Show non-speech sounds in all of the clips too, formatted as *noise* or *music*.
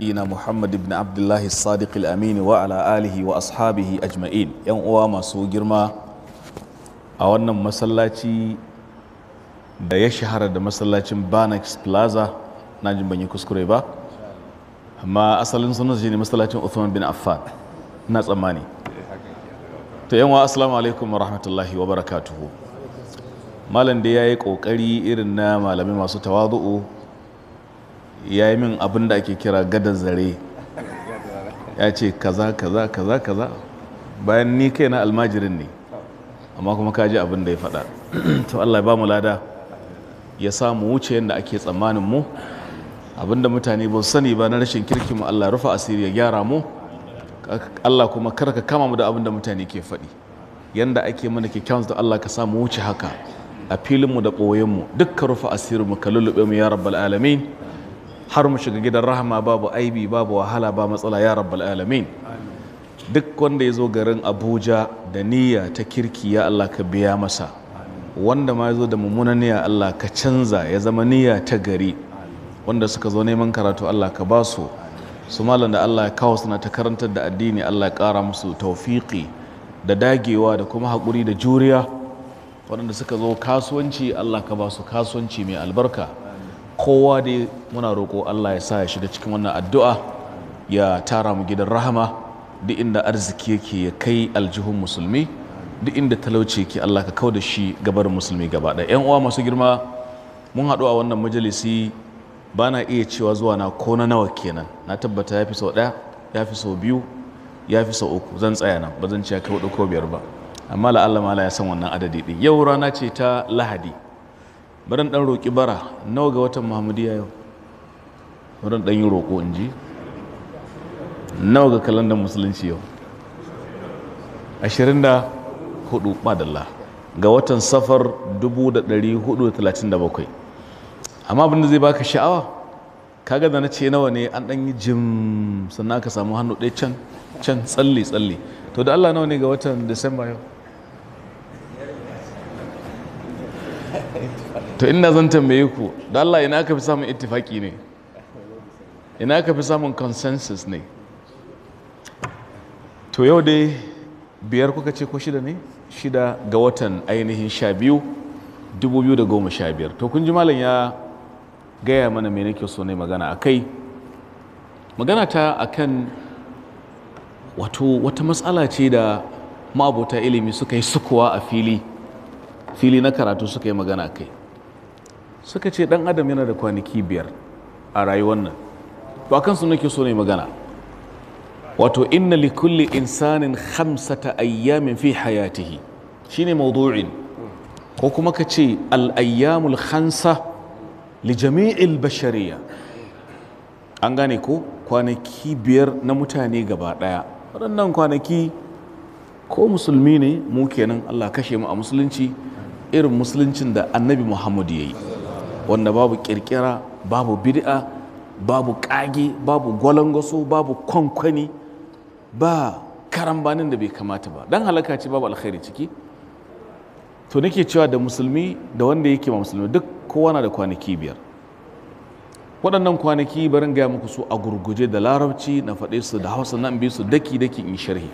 Ina Muhammad بن Abdullahi Sadiq al-Amin wa ala alihi wa ashabihi ajma'in yan uwa masu girma a wannan masallaci da ya shahara da masallacin Banax Plaza na jin ban kuskure ba amma asalin sunan shi ne masallacin Uthman bin Affan na tsammani to yan assalamu alaikum wa rahmatullahi wa barakatuhu malam da yayi kokari irin na malamai masu tawadu'u ya yi min abin da ake kira gadar zare ya ce kaza kaza kaza kaza bayan ni kai na almajirin ne amma kuma kaji abin da ya faɗa *clears throat* to allah ba mu lada ya samu wuce yadda ake tsammanin mu abinda mutane ba sani ba na rashin kirki mu allah rufa asiri ya gyara mu allah kuma karka kama mu da abin da mutane ke faɗi yadda ake mana kyakkyawan da allah ka samu wuce haka a filinmu da ɓoyenmu dukka rufa asirinmu ka lullube mu ya rabbal alamin har mu shiga gidan rahama babu aibi babu wahala ba matsala ya rabbal alamin duk wanda ya zo garin abuja da niyya ta kirki ya allah ka biya masa wanda ma ya zo da mummunan niyya allah ka canza ya zama niyya ta gari wanda suka zo neman karatu allah ka basu su su da allah ya kawo suna ta karantar da addini allah ya kara musu taufiki da dagewa da kuma haƙuri da juriya waɗanda suka zo kasuwanci allah ka basu kasuwanci mai albarka kowa dai muna roƙo Allah ya sa ya shiga cikin wannan addu'a ya tara mu gidan rahama duk inda arziki yake ya kai aljihun musulmi duk inda talauci yake Allah ka kau da shi gabar musulmi gaba ɗaya yan uwa masu girma mun haɗu a wannan majalisi ba na iya cewa zuwa na ko na nawa kenan na tabbata ya fi sau ɗaya ya fi sau biyu ya fi sau uku zan tsaya nan ba zan ce ya kai hudu ko biyar ba amma la'alla ma ya san wannan adadi ɗin yau rana ce ta lahadi barin dan roƙi bara nawa ga watan muhammadiyya yau barin dan yi roƙo in ji nawa ga kalandar musulunci yau ashirin da hudu madalla ga watan safar 437 amma abinda zai baka sha'awa kaga da na ce nawa ne an dan yi jim sannan aka samu hannu ɗaya can can tsalle tsalle to da allah nawa ne ga watan disamba yau to ina zan tambaye ku da Allah ina ka fi samun ittifaki ne ina ka fi samun consensus ne to yau dai biyar kuka ce ko shida ne shida ga watan ainihin sha biyu Dubu biyu da goma sha biyar. to kun ji malam ya gaya mana mai nake so ne magana a kai magana ta kan wato wata matsala ce da ma'abota ilimi suka yi sukuwa a fili fili na karatu suka yi magana kai suka ce dan adam yana da kwanaki biyar a rayuwar nan to akan su nake so ne magana wato inna li kulli insanin khamsata ayyamin fi hayatihi shine mawdu'in ko kuma ka ce al ayyamul khamsa li jami'il bashariya an gane ko kwanaki biyar na mutane gaba daya waɗannan kwanaki ko musulmi ne mu kenan Allah kashe mu a musulunci irin musuluncin da annabi Muhammadu ya yi wanda babu kirkira babu bid'a babu kage babu gwalangwaso babu kwankwani ba karambanin da bai kamata ba dan halaka ce babu alkhairi ciki to nake cewa da musulmi da wanda yake ma musulmi duk kowa na da kwanaki biyar waɗannan kwanaki barin gaya muku su a gurguje da larabci na faɗe su da hausa na bi su daki daki in sharhi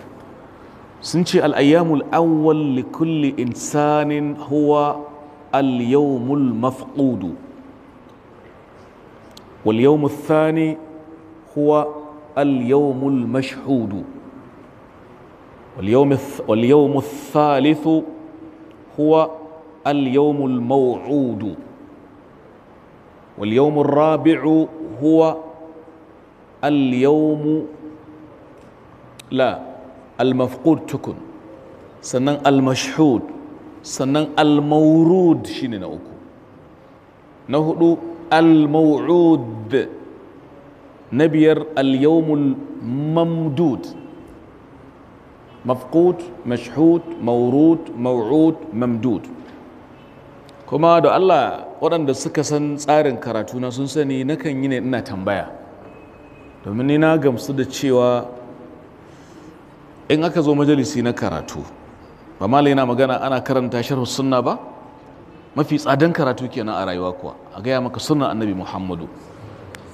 sun ce al'ayyamul awwal li kulli insanin huwa al-yawmul mafqudu واليوم الثاني هو اليوم المشهود واليوم واليوم الثالث هو اليوم الموعود واليوم الرابع هو اليوم لا المفقود تكن سنن المشهود سنن المورود شيني نأكو نهدو al mauud na biyar al-yawmul mamdud mafqud mashhud mawrud maw'ud mamdud kuma da Allah waɗanda suka san tsarin karatu na sun sani nakan yi ne ina tambaya domin ni na gamsu da cewa in aka zo majalisi na karatu ba malai na magana ana karanta sharhu sunna ba mafi tsadan karatu kenan a rayuwa kuwa a gaya maka sunan annabi muhammadu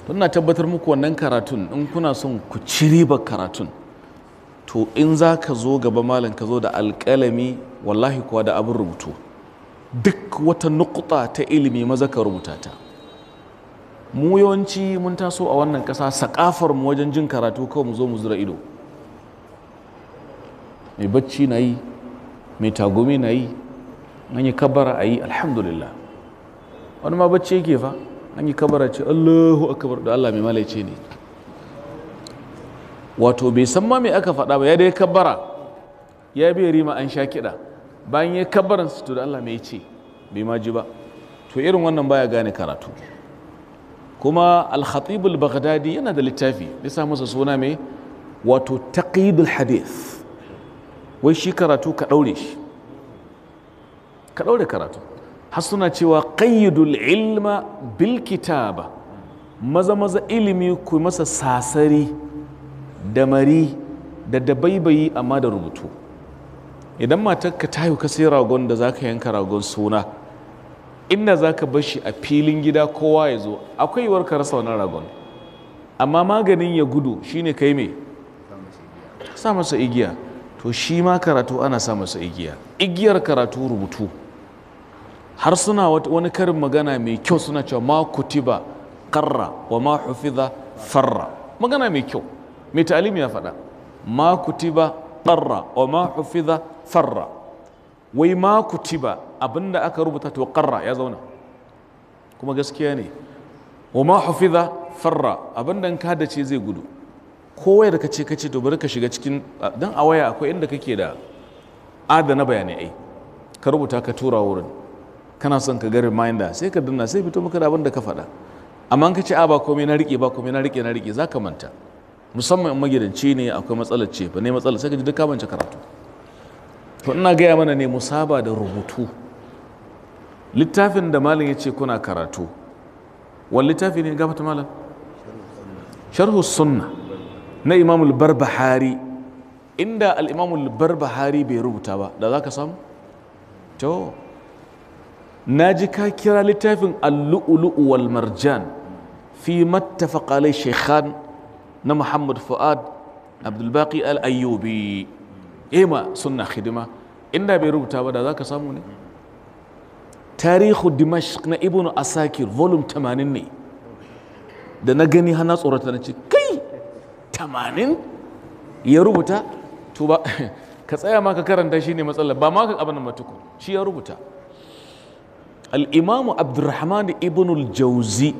don na tabbatar muku wannan karatun in kuna son ku ci ribar karatun to in za ka zo gaba malam ka zo da alƙalami wallahi kuwa da abin rubutu duk wata nukuta ta ilimi maza ka rubuta ta mu yawanci mun taso a wannan ƙasa sakafar mu wajen jin karatu kawai mu zo mu zura ido mai bacci na yi mai tagumi na yi an yi kabara a yi alhamdulillah wani ma bacci yake fa an yi kabara ce allahu akabar da allah mai malaice ne wato bai san ma mai aka faɗa ba ya dai kabara ya bai rima an sha kiɗa bayan ya kabaran su da allah mai ce bai ma ji ba to irin wannan baya gane karatu kuma al-khatibul baghdadi yana da littafi ya sa masa suna mai wato taqidul hadith wai shi karatu ka ɗaure shi ka ɗaure karatu har suna cewa ƙayyadul ilma bilkitaba ba. maza maza ilimi ku masa sasari da mari da dabaibayi amma da rubutu idan ka ta ka sai ragon da za ka yanka ragon suna inda za ka bashi a filin gida kowa ya zo akwai yiwuwar ka rasa wannan ragon amma maganin ya gudu shine kai me sa masa igiya to shi ma karatu ana sa masa igiya igiyar karatu rubutu har suna wani karin magana mai kyau suna cewa ma kutiba karra wa ma hufiza farra magana mai kyau mai talimi ya faɗa ma kutiba karra wa ma hufiza farra wai ma kutiba abinda aka rubuta to karra ya zauna kuma gaskiya ne wa ma hufiza farra abinda da ka dace zai gudu kowai da kace kace to bari ka shiga cikin dan a waya akwai inda kake da adana bayanai ka rubuta ka tura wurin kana son ka ga reminder sai ka danna sai fito maka da abin da ka faɗa amma ka ce a ba komai na rike ba komai na rike na rike za ka manta musamman in magidanci ne akwai matsalar ce ba ne matsalar sai ka ji duk ka manta karatu to ina gaya mana ne musaba da rubutu littafin da malam ya ce kuna karatu wani littafi ne gafata malam sharhu sunna na imamul barbahari inda al-imamul barbahari bai rubuta ba da za ka samu to na ji ka kira littafin allu'ulu'u wal marjan fi mattafaƙalai shekhan na muhammad fu'ad abdul abdulbaki al'ayyubi ema eh suna hidima inda bai rubuta ba da za ka samu ne tarihu dimashq na Ibnu asakir volum 80 ne da na gani hana tsorata na ce kai 80 ya rubuta to ba *laughs* ka tsaya ma ka karanta shi ne matsala ba ma ka abin da matuku shi ya rubuta al'imamu abdurrahman ibn al-jauzi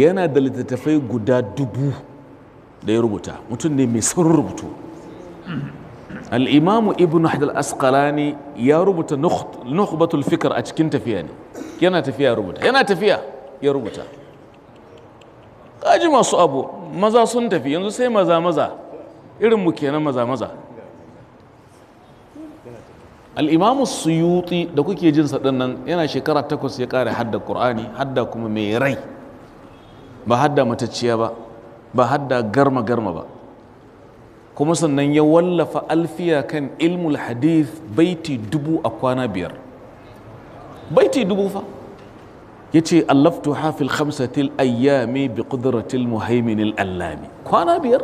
yana da littattafai guda dubu da ya rubuta mutum ne mai saurin rubutu al'imamu ibn hajar asqalani ya rubuta nukhbatul fikar a cikin tafiya ne yana tafiya rubuta yana tafiya ya rubuta kaji masu abu maza sun tafi yanzu sai maza maza irin mu kenan maza maza al'imamu suyuti da kuke jinsa ɗannan yana shekara takwas ya kare hadda qur'ani hadda kuma mai rai ba hadda matacciya ba ba hadda garma garma ba kuma sannan ya wallafa alfiya kan ilmul hadith baiti dubu a kwana biyar baiti dubu fa ya ce allaftu hafil khamsatil ayyami bi qudratil muhaiminil allami kwana biyar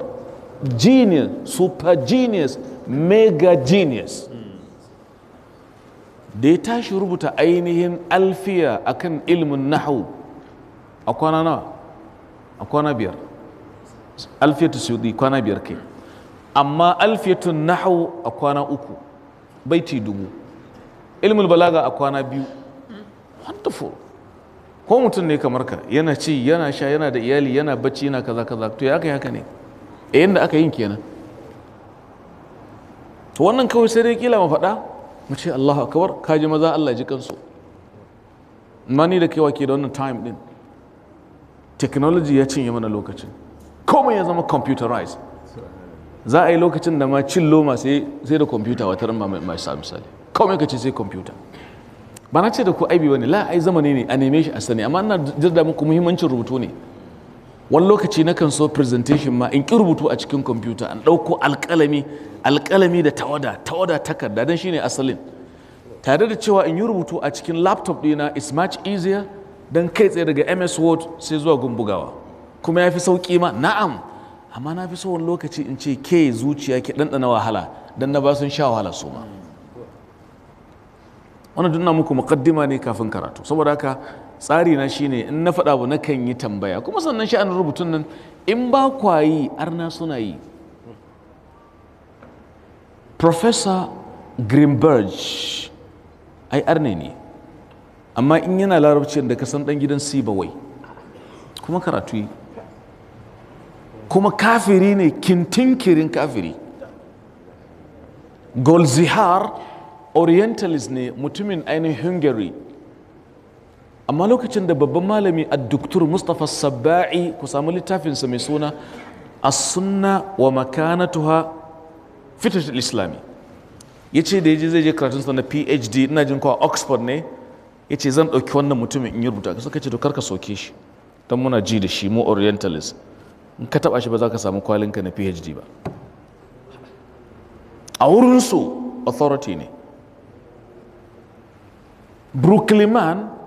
genius super genius mega genius da ya tashi rubuta ainihin alfiya akan ilmin nahu a kwana nawa a kwana biyar alfiyatu sudi kwana biyar kai amma alfiyatun nahu a kwana uku baiti dubu ilmin balaga a kwana biyu wonderful ko mutum ne kamar ka yana ci yana sha yana da iyali yana bacci yana kaza kaza to ya kai haka ne E, eh, da aka yin kenan to wannan kawai sai dai kila mu faɗa mu ce Allahu akbar ji maza Allah ji kansu mani da kewa ke da wannan time din technology ya cinye mana lokacin komai ya zama computerized za a yi lokacin da ma cin loma sai da computer wata ran mai sa misali komai ka ce sai computer. ba na ce da ku aibi wani la ai zamani ne a neme shi a sani amma ina jirda muku muhimmancin rubutu ne wani lokaci na kan so presentation ma in ƙi rubutu a cikin kwamfuta an ɗauko alƙalami alƙalami da tawada tawada takarda don shine asalin tare da cewa in yi rubutu a cikin laptop ɗina is much easier don kai tsaye daga ms word sai zuwa gumbugawa kuma ya fi sauƙi ma na'am amma na fi so wani lokaci in ce ke zuciya ke ɗanɗana wahala don na ba sun sha wahala su ma wannan duk na muku muƙaddima ne kafin karatu saboda haka tsari na shine in na faɗa abu nakan yi tambaya kuma sannan shi ana rubutun nan in ba kwa yi arna suna yi professor greenberg ai arne ne amma in yana larabcin da san dan gidan sibawai kuma karatu yi kuma kafiri ne kintinkirin kafiri golzihar orientalist ne mutumin ainihin hungary amma lokacin da babban malami a duktur mustapha sabba'i ku samu littafinsa mai suna a sunna wa makanatuha fitar islami ya ce da ya je zai je karatunsa na phd ina jin a oxford ne ya ce zan ɗauki wannan mutumin in yi rubuta ka suka ce to ka soke shi don muna ji da shi mu orientalist in ka taba shi ba za ka samu kwalinka na phd ba a wurinsu authority ne brooklyn man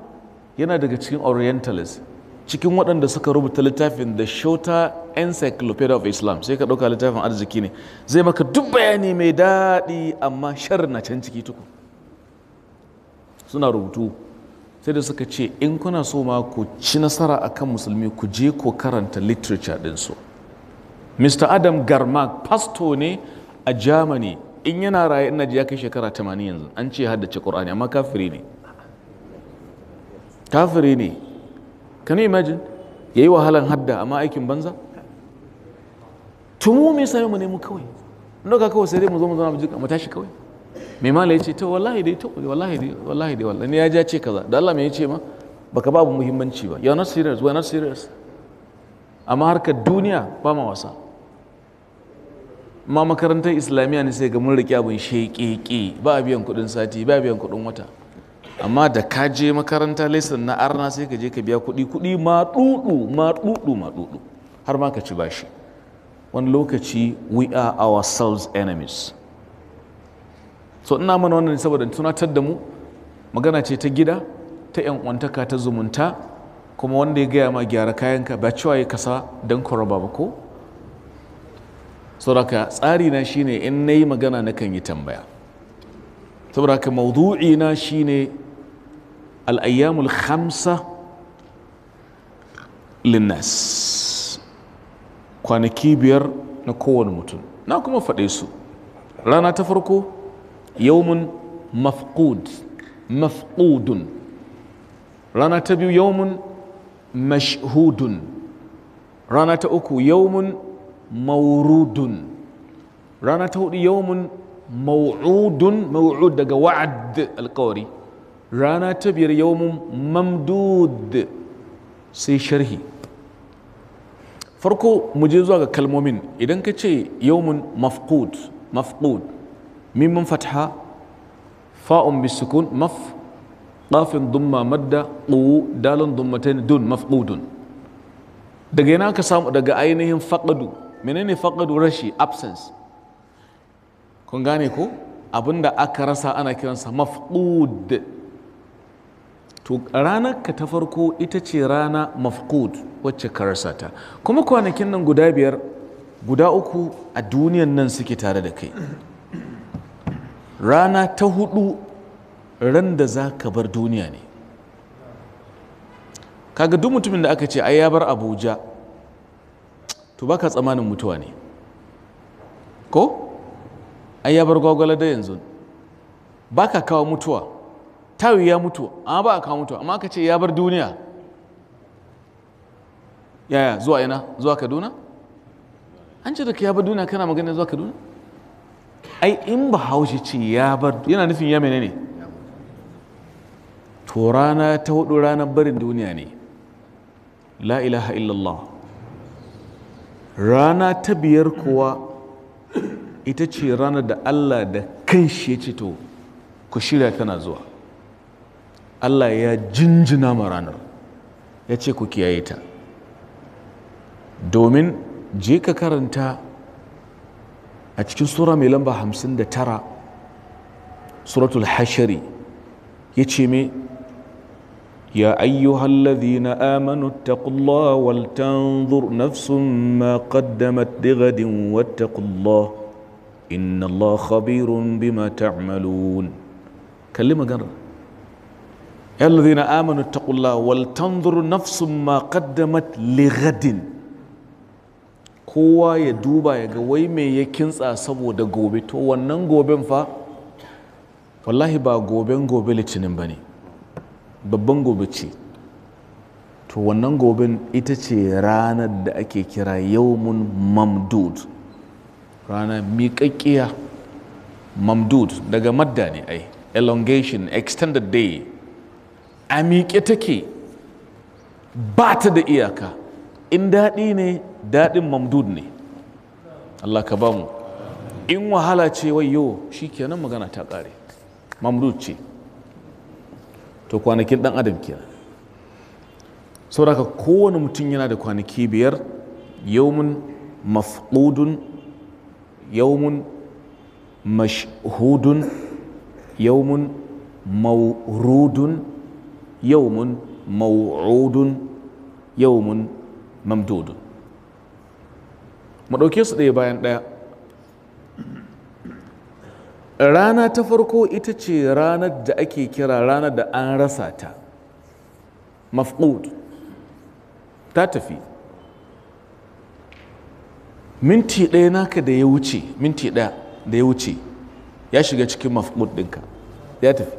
yana daga cikin orientalist cikin waɗanda suka rubuta littafin da shorter encyclopedia of islam sai ka ɗauka littafin arziki ne zai maka duk bayani mai daɗi amma shar na can ciki tukun suna rubutu sai da suka ce in kuna so ma ku ci nasara a kan musulmi ku je ku karanta literature ɗinsu mr adam garmak pasto ne a germany in yana raye ina ji ya kai shekara 80 yanzu an ce haddace ƙur'ani amma kafiri ne kafiri ne can you imagine yayi wahalan hadda amma aikin banza tumu me sai mu nemi mu kawai ka kawai sai dai mu zo mu zauna mu jika mu tashi kawai mai mala yace to wallahi dai to wallahi dai wallahi dai wallahi ya ja ce kaza da Allah me yace ma baka babu muhimmanci ba you are not serious are not serious amma harkar duniya ba ma wasa ma makarantar islamiyya ne sai ga mun riƙe abin sheƙeƙe ba a biyan kuɗin sati ba a biyan kuɗin wata amma da ka je makaranta lesson na arna sai ka je ka biya kuɗi kuɗi ma ɗuɗu ma ɗuɗu ma ɗuɗu har ma ka ci bashi wani lokaci we are ourselves enemies so ina mana wannan saboda tunatar da mu magana ce ta gida ta yan uwantaka ta zumunta kuma wanda ya gaya ma gyara kayanka ba cewa ya kasa don koraba ba ko saboda tsari na shine in na yi magana na kan yi tambaya saboda haka maudu'i na shine الأيام الخمسة linnas kwanaki biyar na kowane mutum na kuma faɗe su rana ta farko yawmun mafqud mafqudun rana ta biyu yawmun mashhudun rana ta uku yawmun maurudun rana ta hudu yawmun mau'udun mau'ud daga wa'ad alkawari rana ta biyar yawon mamdud sai sharhi farko mu je zuwa ga kalmomin idan ka ce yawon mafqud mafqud mimman fatha fa'un bisukun maf ƙafin dumma madda ƙuwu dalon dummatain dun mafqudun daga yana ka samu daga ainihin faƙadu menene faƙadu rashi absence kun gane ko abinda aka rasa ana kiransa mafqud to ranarka ka ta farko ita ce rana mafkud wacce ka ta kuma kwanakin nan guda biyar guda uku a duniyan nan suke tare da kai rana ta hudu ran da za ka bar duniya ne kaga duk mutumin da aka ce ai ya bar abuja to baka tsamanin mutuwa ne ko ai ya bar gwagwala da yanzu baka kawo mutuwa tawi ya mutu amma ba a kawo mutu amma aka ce ya bar duniya yaya zuwa ina zuwa kaduna an ce da ka ya bar duniya kana magana zuwa kaduna ai in ba haushi ce ya bar yana nufin ya menene to rana ta hudu ranar barin duniya ne la ilaha illallah rana ta biyar kuwa ita ce ranar da allah da kan shi ya ce to ku shirya tana zuwa Allah ya jinjina ma ranar ya ce ku kiyaye ta domin je ka karanta a cikin sura mai lamba 59 suratul hashari ya ce mai يا أيها الذين آمنوا اتقوا الله ولتنظر نفس ما قدمت لغد واتقوا الذين آمنوا اتقوا الله ولتنظر نفس ما قدمت لغد kowa ya duba ya ga wai me ya kintsa saboda gobe to wannan goben fa wallahi ba goben gobe litinin ba ne babban gobe ce to wannan goben ita ce ranar da ake kira yaumun mamdud rana miƙaƙƙiya mamdud daga madda ne ai elongation extended day a miƙe take ba ta da iyaka in daɗi ne daɗin mamdud ne Allah ka bamu in wahala ce wai yau shi kenan magana ta ƙare mamdud ce to kwanakin ɗan adam kenan sauraka kowane mutum yana da kwanaki biyar Yaumun mafudun? Yaumun mashhudun Yaumun maurudun yawmun maw'udun yau mamdudun mu ɗauke su ɗaya bayan ɗaya rana ta farko ita ce ranar da ake kira ranar da an rasa ta maf'ud ta tafi minti ɗaya naka da ya wuce minti ɗaya da ya shiga cikin maf'ud ɗinka ya tafi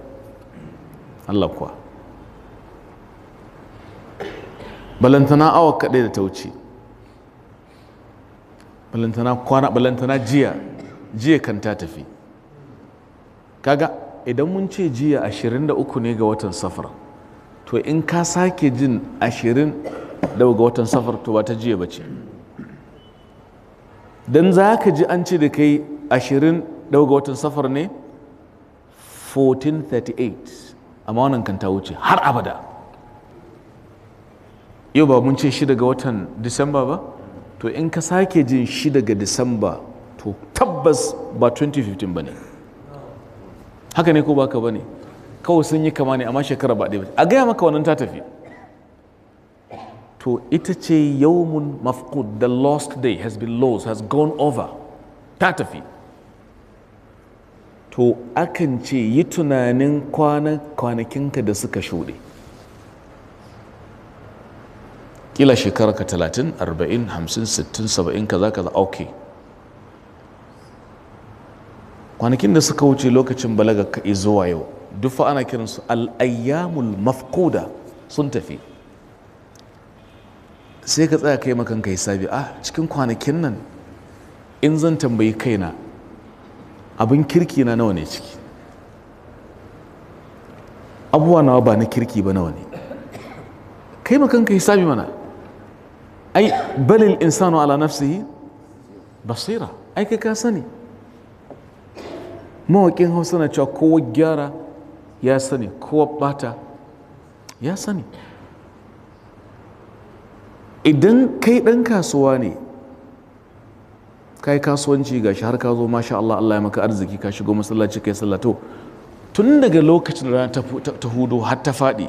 Allah kuwa balantana awa kaɗai da ta wuce balantana kwana balantana jiya jiya kan ta tafi kaga idan mun ce jiya 23 ne ga watan safar to in ka sake jin 20 daga ga watan safar to ba ta jiya ba ce don za ka ji an ce da kai 20 daga ga watan safar ne 1438 amma wannan kan ta wuce har abada yau ba mun ce shi daga watan disamba ba to in ka sake jin shi daga disamba to tabbas ba 2015 ba ne haka ne ko ba ka ba ne kawai sun yi kama ne amma shekara ba ɗaya a gaya maka wannan ta tafi to ita ce yawmun mafkud the lost day has been lost has gone over ta tafi to akan ce yi tunanin kwanakinka da suka shuɗe kila ka 30 40 50 60 70 kaza kaza ok kwanakin da suka wuce lokacin balaga ka zuwa yau duk fa ana kiransu al'ayyamul mafkuda sun tafi sai ka tsaya kai makan kai sabi ah cikin kwanakin nan in zan tambayi kaina abin kirki na nawa ne ciki abubuwa nawa ba na kirki ba nawa ne kai makan kai sabi mana ai balil insanu ala nafsihi basira ai kai ka sani mawaƙin hausa na cewa kowa gyara ya sani kowa bata ya sani idan kai ɗan kasuwa ne kai kasuwanci ga shi har ka zo masha Allah Allah ya maka arziki ka shigo masallaci kai sallah to tun daga lokacin rana ta hudu har ta faɗi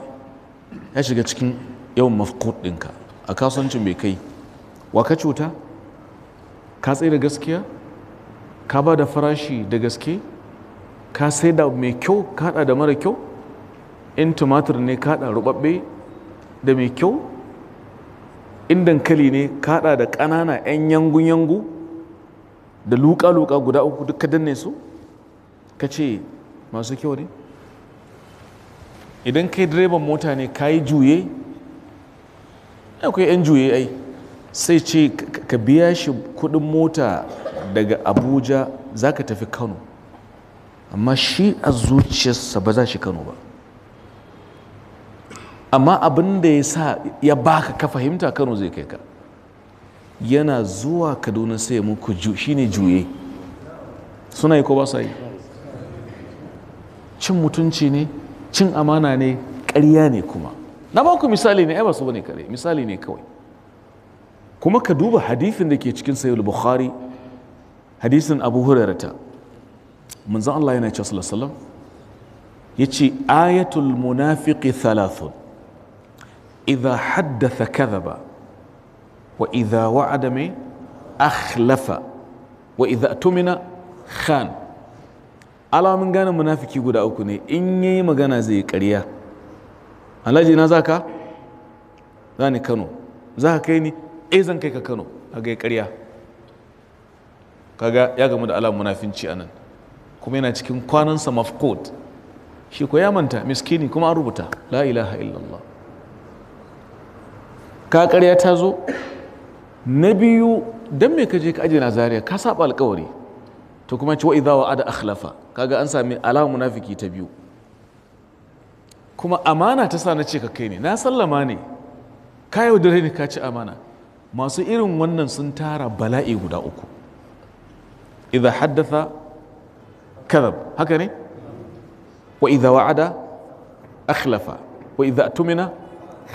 ya shiga cikin yawan mafkud ɗinka a kasuwancin mai kai wa ka cuta ka tsaye da gaskiya ka ba da farashi da gaske ka sai da mai kyau ka hada da mara kyau in tumatir ne ka hada rubabbe da mai kyau in dankali ne ka hada da ƙanana 'yan yangu-yangu da luka-luka guda uku duka ka danne su ka ce masu kyau ne idan kai direban mota ne ka yi juye akwai yan juye ai sai ce ka biya shi kudin mota daga abuja za ka tafi kano amma shi a zuciyarsa ba za shi kano ba amma abin da ya sa ya baka ka fahimta kano zai kai ka yana zuwa kaduna sai muku shi ne juye suna yi ko ba su yi cin mutunci ne cin amana ne ƙarya ne kuma na ba ku misali ne ba su bane kare misali ne kawai kuma ka duba hadithin da ke cikin sayyid bukhari hadithin abu hurairata manzon Allah yana cewa sallallahu alaihi wasallam yace ayatul munafiqi thalathun idha haddatha kadhaba wa idha wa'ada mai akhlafa wa idha atumina khan alamun gane munafiki guda uku ne in yayi magana zai ƙarya alhaji na za ka za ni kano za ka kai ni e zan kai ka kano a ya karya kaga ya gamu da alamun munafinci anan kuma yana cikin sa mafkod shi ko ya manta miskini kuma an rubuta la ilaha illallah ka karya ta zo na biyu dan me ka je ka aje Nazariya ka saba alkawari to kuma ci wa idza wa ada akhlafa kaga an sami alamun munafiki ta biyu kuma amana ta sa na ce ka kai ne na sallama ne ka dare ne ka ci amana masu irin wannan sun tara bala'i guda uku idan haddasa, kadhab haka ne wa idan wa'ada akhlafa wa idan tumina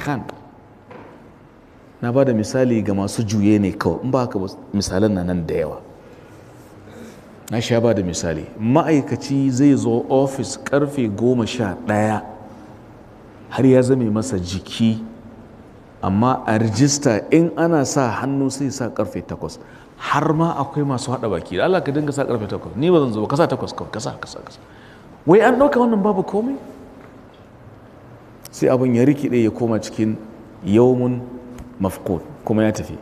khan na ba da misali ga masu juye ne kawai in ba ka misalan na nan da yawa na sha ba da misali ma'aikaci zai zo ofis karfe goma sha ɗaya har ya zame masa jiki amma a rijista in ana sa hannu sai sa karfe takwas har ma akwai masu hada baki da Allah ka dinga sa karfe takwas ni ba zan zo kasa takwas kawai kasa kasa kasa wai an ɗauka wannan babu komai sai abin ya rikide ya koma cikin yawmun mafko kuma ya tafi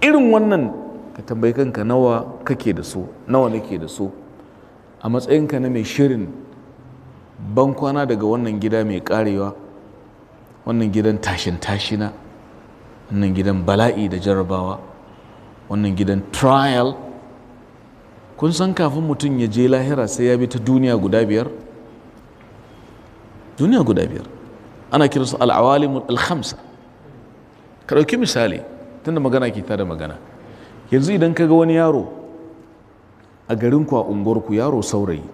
irin wannan ka tambayi kanka nawa kake da su nawa nake da su a matsayinka na mai shirin bankwana daga wannan gida mai karewa wannan gidan tashin tashina wannan gidan bala'i da jarabawa wannan gidan trial kun san kafin mutum ya je lahira sai ya bi ta duniya guda biyar duniya guda biyar ana kiransu al'awalimun alhamsa ka ɗauki misali tunda magana ke da magana yanzu idan ka ga wani yaro a garinku a unguwarku yaro saurayi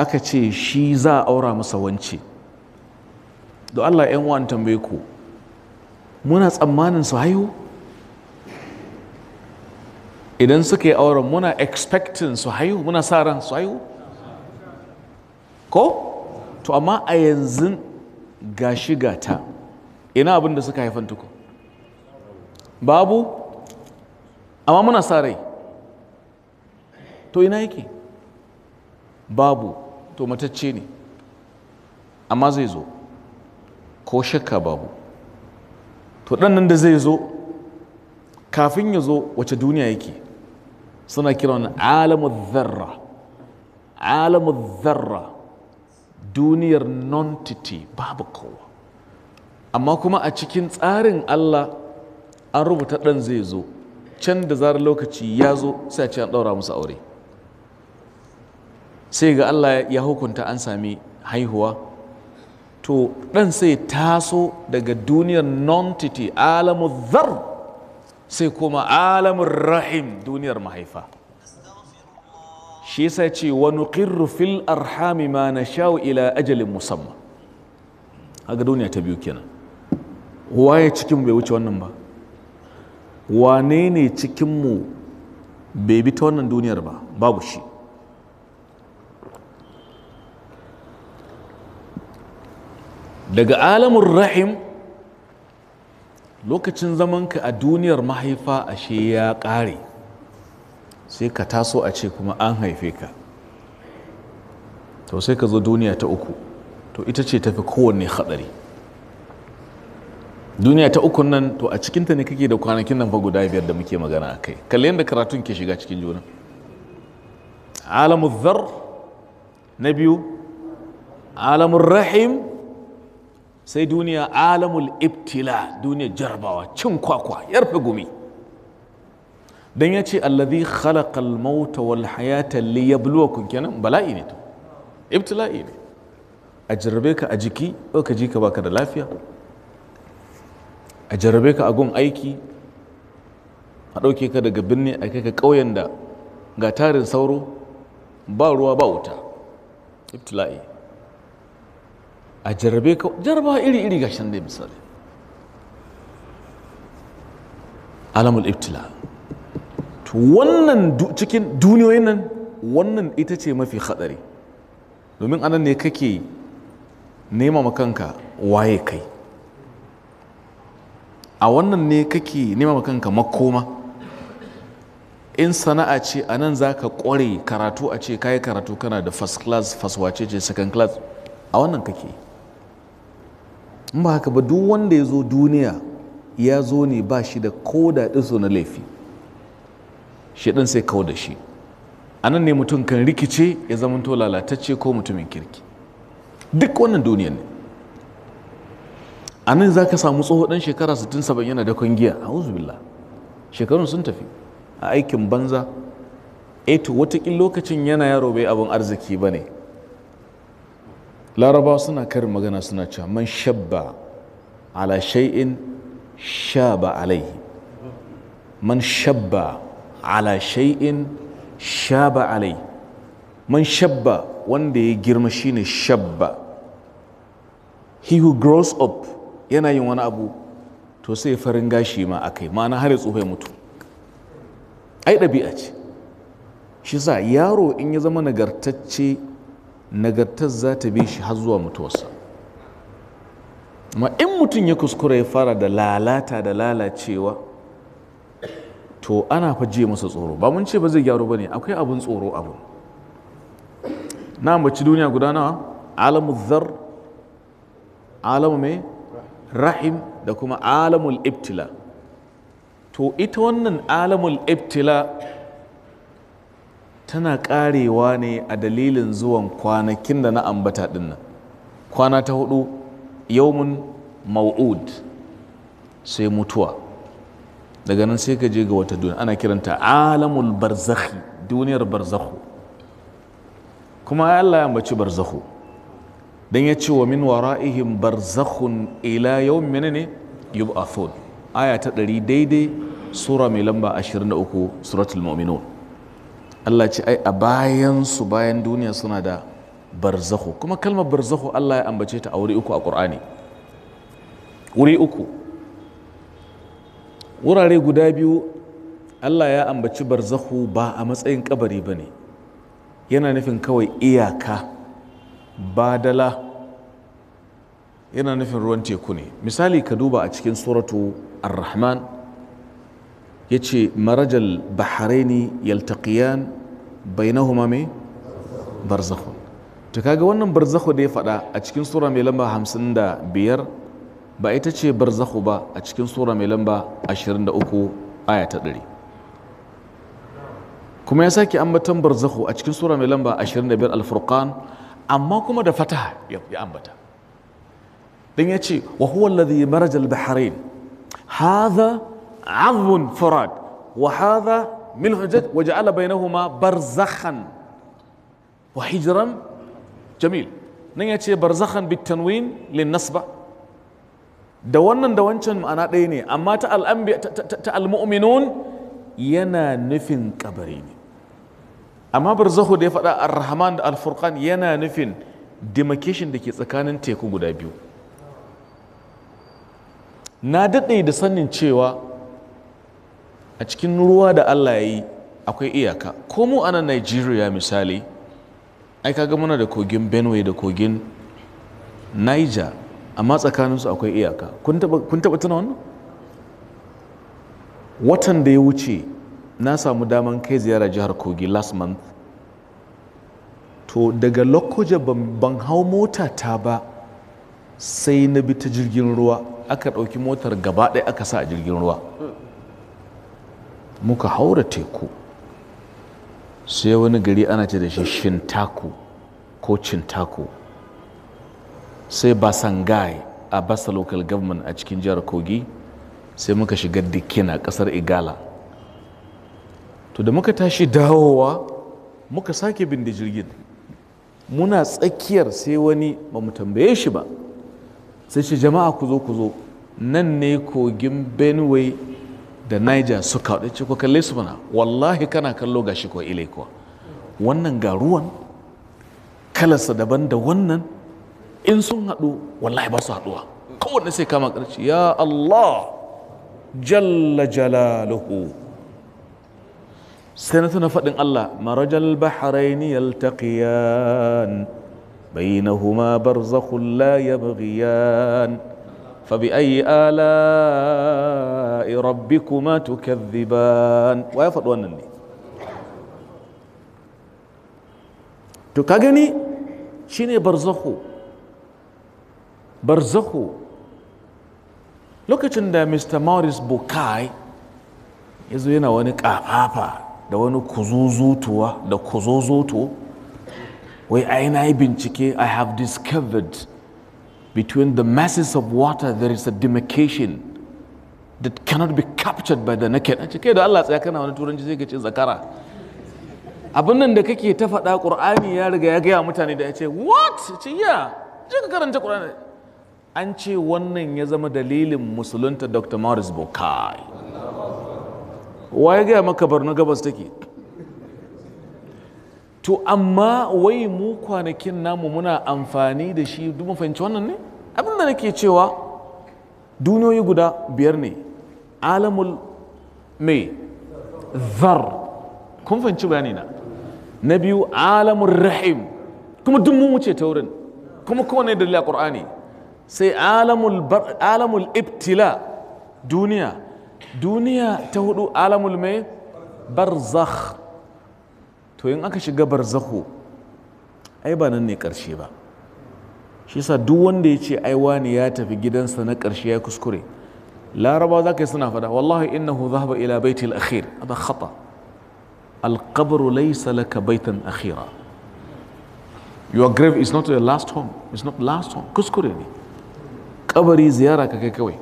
aka ce shi za a aura masa wance da Allah ‘yan uwan tambaye ku muna tsammanin su haihu idan suka yi auren muna expecting su haihu muna sa ran su haihu ko to amma a yanzu ga shiga ta ina abin da suka haifan tuku babu amma muna sa rai to ina yake babu to matacce ne amma zai zo ko shakka babu to ɗan nan da zai zo kafin ya zo wace duniya yake suna kiran wani alamu zarra alamu zarra duniyar non-titi babu kowa amma kuma a cikin tsarin Allah an rubuta ɗan zai zo can da zarar lokaci ya zo sai a ce an ɗaura musu aure sai ga Allah ya hukunta an sami haihuwa to ɗan sai taso daga duniyar non-titi alamu zar sai kuma alamun rahim duniyar mahaifa shi yasa ce wani ƙirru fil arhami ma na sha'u ila ajalin musamman haka duniya ta biyu kenan waye cikin bai wuce wannan ba wane ne cikinmu bai bi ta wannan duniyar ba babu shi daga alamun rahim lokacin zamanka a duniyar mahaifa ashe ya ƙare sai ka taso a ce kuma an haife ka to sai ka zo duniya ta uku to ita ce tafi kowanne haɗari duniya ta uku nan to a cikinta ne kake da kwanakin nan fa guda biyar da muke magana a kai kalli yadda karatun ke shiga cikin juna alamun zar na biyu alamun rahim sai duniya alamul ibtila duniya jarabawa cin kwakwa yarfe gumi don ya ce allazi khalaqal mauta wal hayata liyabluwakum kenan bala'i ne to ibtila'i ne a jarrabe ka a jiki ka ji ka baka da lafiya a jarrabe ka a gun aiki a ɗauke ka daga birni a kai ka ƙauyen da ga tarin sauro ba ruwa ba wuta ibtila'i a jarabe ka jaraba iri-iri ga shan dai misali alamul ibtila to wannan cikin duniyoyin nan wannan ita ce mafi hadari domin anan ne kake nema makanka waye kai a wannan ne kake nema makanka makoma in sana'a ce a nan za ka kware karatu a ce kayi karatu kana da first class first wace ce second class a wannan kake ba haka ba duk wanda ya zo duniya ya zo ne ba shi da ko da na laifi shaɗin sai kawo da shi a nan ne mutum kan rikice ya zamanto lalatacce ko mutumin kirki duk wannan duniya ne a nan za ka samu tsoho ɗan shekara 67 yana da giya a uzubillah shekarun sun tafi a aikin banza eto eh watakin lokacin yana yaro bai abin arziki ba ne larabawa suna karin magana suna cewa man shabba ala shay'in shaba alaihi man shabba ala shay'in shaba alaihi man shabba wanda ya girma shine shabba he who grows up yana yin wani abu to sai farin gashi ma a kai. ma'ana har ya tsufa ya mutu ai ɗabi'a ce shi sa yaro in ya zama nagartacce nagartar za ta bi shi har zuwa mutuwarsa amma in mutum ya kuskura ya fara da lalata da lalacewa to ana fa faje masa tsoro ba mun ce ba zai gyaru ba ne akwai abin tsoro abu na mace duniya guda nawa alamu zar alamu mai rahim da kuma alamul ibtila to ita wannan alamul ibtila tana karewa ne a dalilin zuwan kwanakin da na ambata dinnan kwana ta hudu yawmun maud sai mutuwa daga nan sai ka je ga wata duniya ana kiranta alamul barzakhi duniyar barzakhu kuma Allah ya ambaci barzakhu dan ya ce wa min wara'ihim barzakhun ila yawmin ne yub'athun aya ta 100 daidai sura mai lamba 23 suratul mu'minun Allah ce ai a bayansu bayan duniya suna da barzahu kuma kalmar barzahu Allah ya ambace ta a wuri uku a ƙur'ani wuri uku wurare guda biyu Allah ya ambaci barzahu ba a matsayin kabari ba ne yana nufin kawai iyaka badala yana nufin ruwan teku ne misali ka duba a cikin suratu ar-rahman ya ce marajal bahraini yaltaqiyan bainahuma me barzakhun Ta kaga wannan barzakhu da ya faɗa a cikin sura mai lamba hamsin da biyar ba ita ce barzakhu ba a cikin sura mai lamba ashirin da uku aya ta ɗari. kuma ya sake ambatan barzakhu a cikin sura mai lamba ashirin da biyar furqan amma kuma da fataha ya ambata dan ya ce wa huwa alladhi marajal bahrain hadha عظم فراد وهذا من حجة وجعل بينهما برزخا وحجرا جميل نيجي برزخا بالتنوين للنصب da wannan da wancan ma'ana ɗaya ne amma ta almu'minun yana nufin kabari amma barzahu da ya faɗa ar-rahman da alfurkan yana nufin demarcation da ke tsakanin teku guda biyu na daɗe da sanin cewa a cikin ruwa da Allah ya yi akwai iyaka ko mu ana Najeriya misali ai kaga muna da kogin Benue da kogin Niger amma tsakaninsu akwai iyaka kun taba tuna wannan watan da ya wuce na samu daman kai ziyara jihar kogi last month to daga lokoja ban hau mota ta ba sai na bi ta jirgin ruwa aka ɗauki motar gaba ɗaya aka sa a jirgin ruwa muka haura teku sai wani gari ana ce da shi shintaku ko cintaku sai basangai a basa local government a cikin jihar kogi sai muka shiga dikina kasar igala to da muka tashi dawowa muka sake bin da jirgin muna tsakiyar sai wani ba mu tambaye shi ba sai shi jama'a ku zo ku zo nan ne kogin benue da niger suka haɗu ce ko kalle su mana wallahi kana kallo gashi ko ilai kuwa wannan ga ruwan kalarsa daban da wannan in sun haɗu wallahi ba su haɗuwa kowanne sai kama ƙarshe ya Allah jalla jalaluhu sai na tuna faɗin Allah marajal bahraini yaltaqiyan bainahuma barzakhun la yabghiyan فبأي آلاء ربكما تكذبان ويفضل wannan to ka gani shine lokacin da Mr. Maurice Bukai ya zo yana wani kafafa da wani kuzuzutuwa da kuzuzutu wai ai yi bincike i have discovered Between the masses of water, there is a demarcation that cannot be captured by the naked. A cike da Allah tsaya kana wani turanci sai ka ce zakara. Abin nan da kake ta faɗa Ƙur'ani ya riga ya gaya mutane da ya ce, What? Ce ya, je ka karanta Ƙur'ani. An ce wannan ya zama dalilin musulunta Dr. Morris Bokai. Wa ya gaya maka barna gabas take? to amma wai mu kwanakin namu muna amfani da shi duk fahimci wannan ne abin da nake cewa duniyoyi guda biyar ne alamul mai zar kun fahimci bayani na na biyu alamul rahim kuma duk mun wuce ta wurin kuma kowane dalila ƙur'ani. sai alamul ibtila duniya duniya ta hudu alamul mai barzakh to in aka shiga barzaho ai ba nan ne ƙarshe ba shi yasa duk wanda ya ce ai wani ya tafi gidansa na ƙarshe ya kuskure laraba za ka yi suna fada wallahi innahu zahaba ila baitil akhir hada khata alqabru laysa laka baitan akhira your grave is not your last home it's not last home kuskure ne kabari ziyara ka kai kawai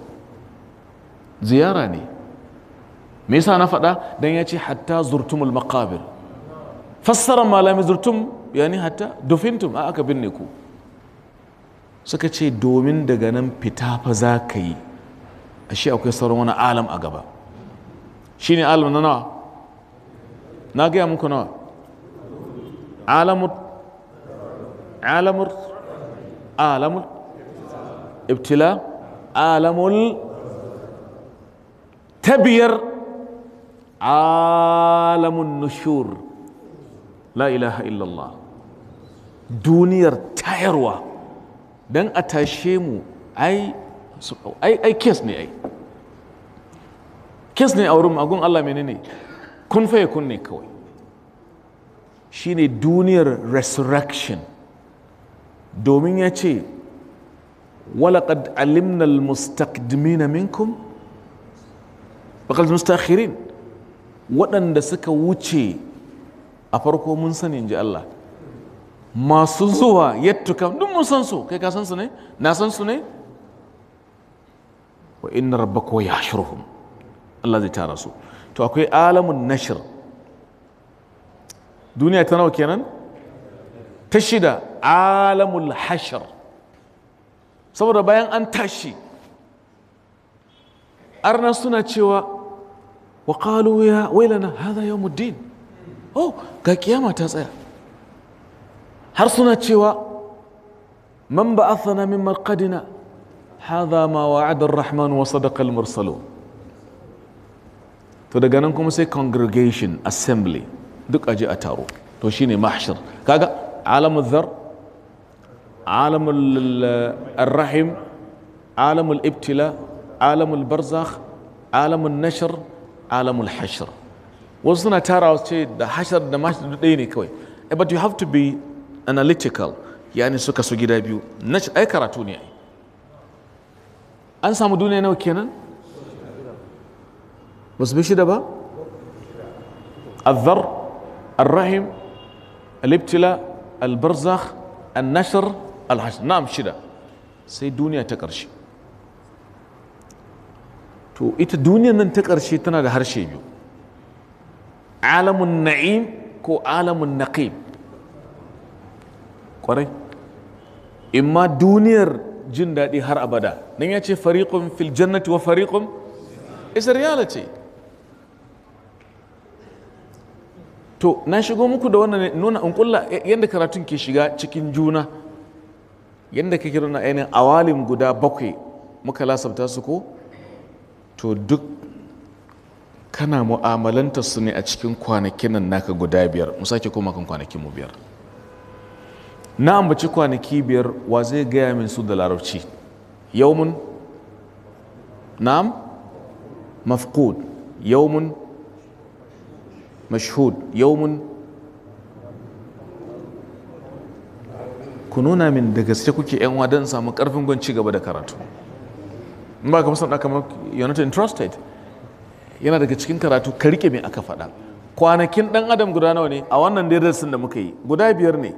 ziyara ne me yasa na fada? dan ya ce hatta zurtumul maqabir fassara malami zurtum ni hatta dufintum a aka binne ku suka ce domin daga nan fita fa za ka yi ashe akwai sauran wani alam a gaba shi ne alam na nawa na gaya muku nawa alamur alamur alamur ibtila alamul tabiyar alamun nushur la ilaha illallah duniyar tayarwa don a tashe mu ai ai kes ne ai kes ne a wurin magun Allah menene kun faye kun ne kawai shine duniyar resurrection domin ya ce walaƙad alimnal mustaqdimina minkum bakal mustaqirin waɗanda suka wuce a farko mun sani in ji Allah masu zuwa yadda duk mun san su kai ka san su ne na san su ne wa inna rabbaka yahshuruhum Allah zai tara su to akwai alamun nashar, duniya ta nawa kenan ta shida alamul hashir, saboda bayan an tashi arna suna cewa wa qalu ya wailana hadha yawmuddin oh ga kiyama ta tsaya har suna cewa man ba'athana min marqadina hadha ma wa ar-rahman wa da kalmar salo. to daga nan kuma sai congregation assembly duk aje a taro to shine mahshar kaga alamul dhar alamul rahim alamul ibtila alamul barzakh alamul nashr alamul hashr wasu suna tarawa ce da hashar da mashi da ɗaya ne kawai but you have to be analytical yani suka su gida biyu na ai karatu ne ai an samu duniya nawa kenan ba su bi shida ba الذر الرحم الابتلاء البرزخ النشر الحشر نعم شدا sai duniya ta ƙarshe to ita duniyan nan ta ƙarshe tana da harshe biyu alamun na'im ko alamun naqib kwarai imma duniyar jin daɗi har abada nan ya ce fariƙun fil jannati wa fariƙun is a reality to na shigo muku da wannan nuna in kulla yadda karatun ke shiga cikin juna yadda kake nuna ainihin awalin guda bakwai muka lasabta su ko to duk kana mu'amalantar su ne a cikin kwanakin nan naka guda biyar mu sake koma kan kwanaki mu biyar na ambaci kwanaki biyar wa zai gaya min su da larabci yaumun na'am mafqud yaumun mashhud yaumun ku nuna min da gaske kuke yan wa don samu karfin gwanci gaba da karatu in ba ka musamman kamar United yana daga cikin karatu ka rike me aka faɗa kwanakin ɗan adam guda nawa ne a wannan darasin da muka yi guda biyar ne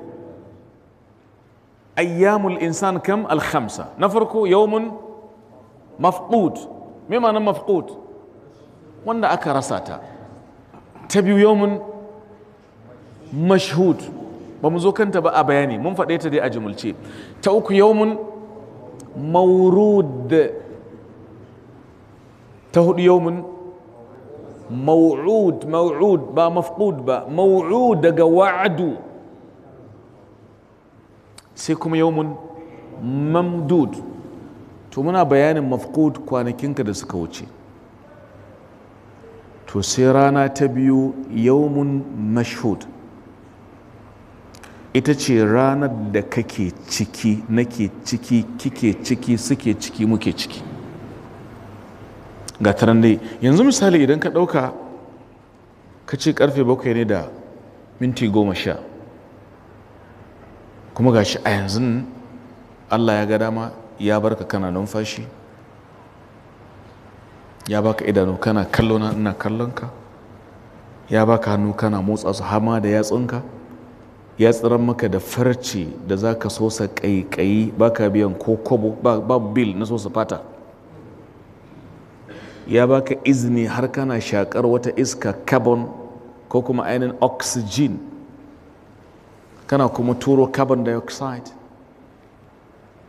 ayyamul insan kam alhamsa na farko yawmun mafqud me ma'anar mafqud wanda aka rasa ta ta biyu yawmun mashhud ba mu zo kanta ba a bayani mun faɗe ta dai a jimulce ta uku yawmun maurud ta hudu yawmun maw'ud maw'ud ba mafqud ba maw'ud daga wa'adu sai kuma yawmun mamdud to muna bayanin mafqud kwanakinka da suka wuce to sai rana ta biyu yawmun mashhud ita ce ranar da kake ciki nake ciki kike ciki suke ciki muke ciki ga taron dai yanzu misali idan ka ɗauka ka ce karfe bakwai ne da minti goma sha kuma ga shi a yanzu allah ya ga dama ya barka kana numfashi ya baka idanu kana kallo na ina kallon ka ya baka hannu kana motsa su hama da yatsunka ya tsiran maka da farce da za ka sosa ƙaiƙayi ka biyan ko kobo babu bil na sosa fata ya baka izini har kana shakar wata iska carbon ko kuma ainihin oxygen kana kuma turo carbon dioxide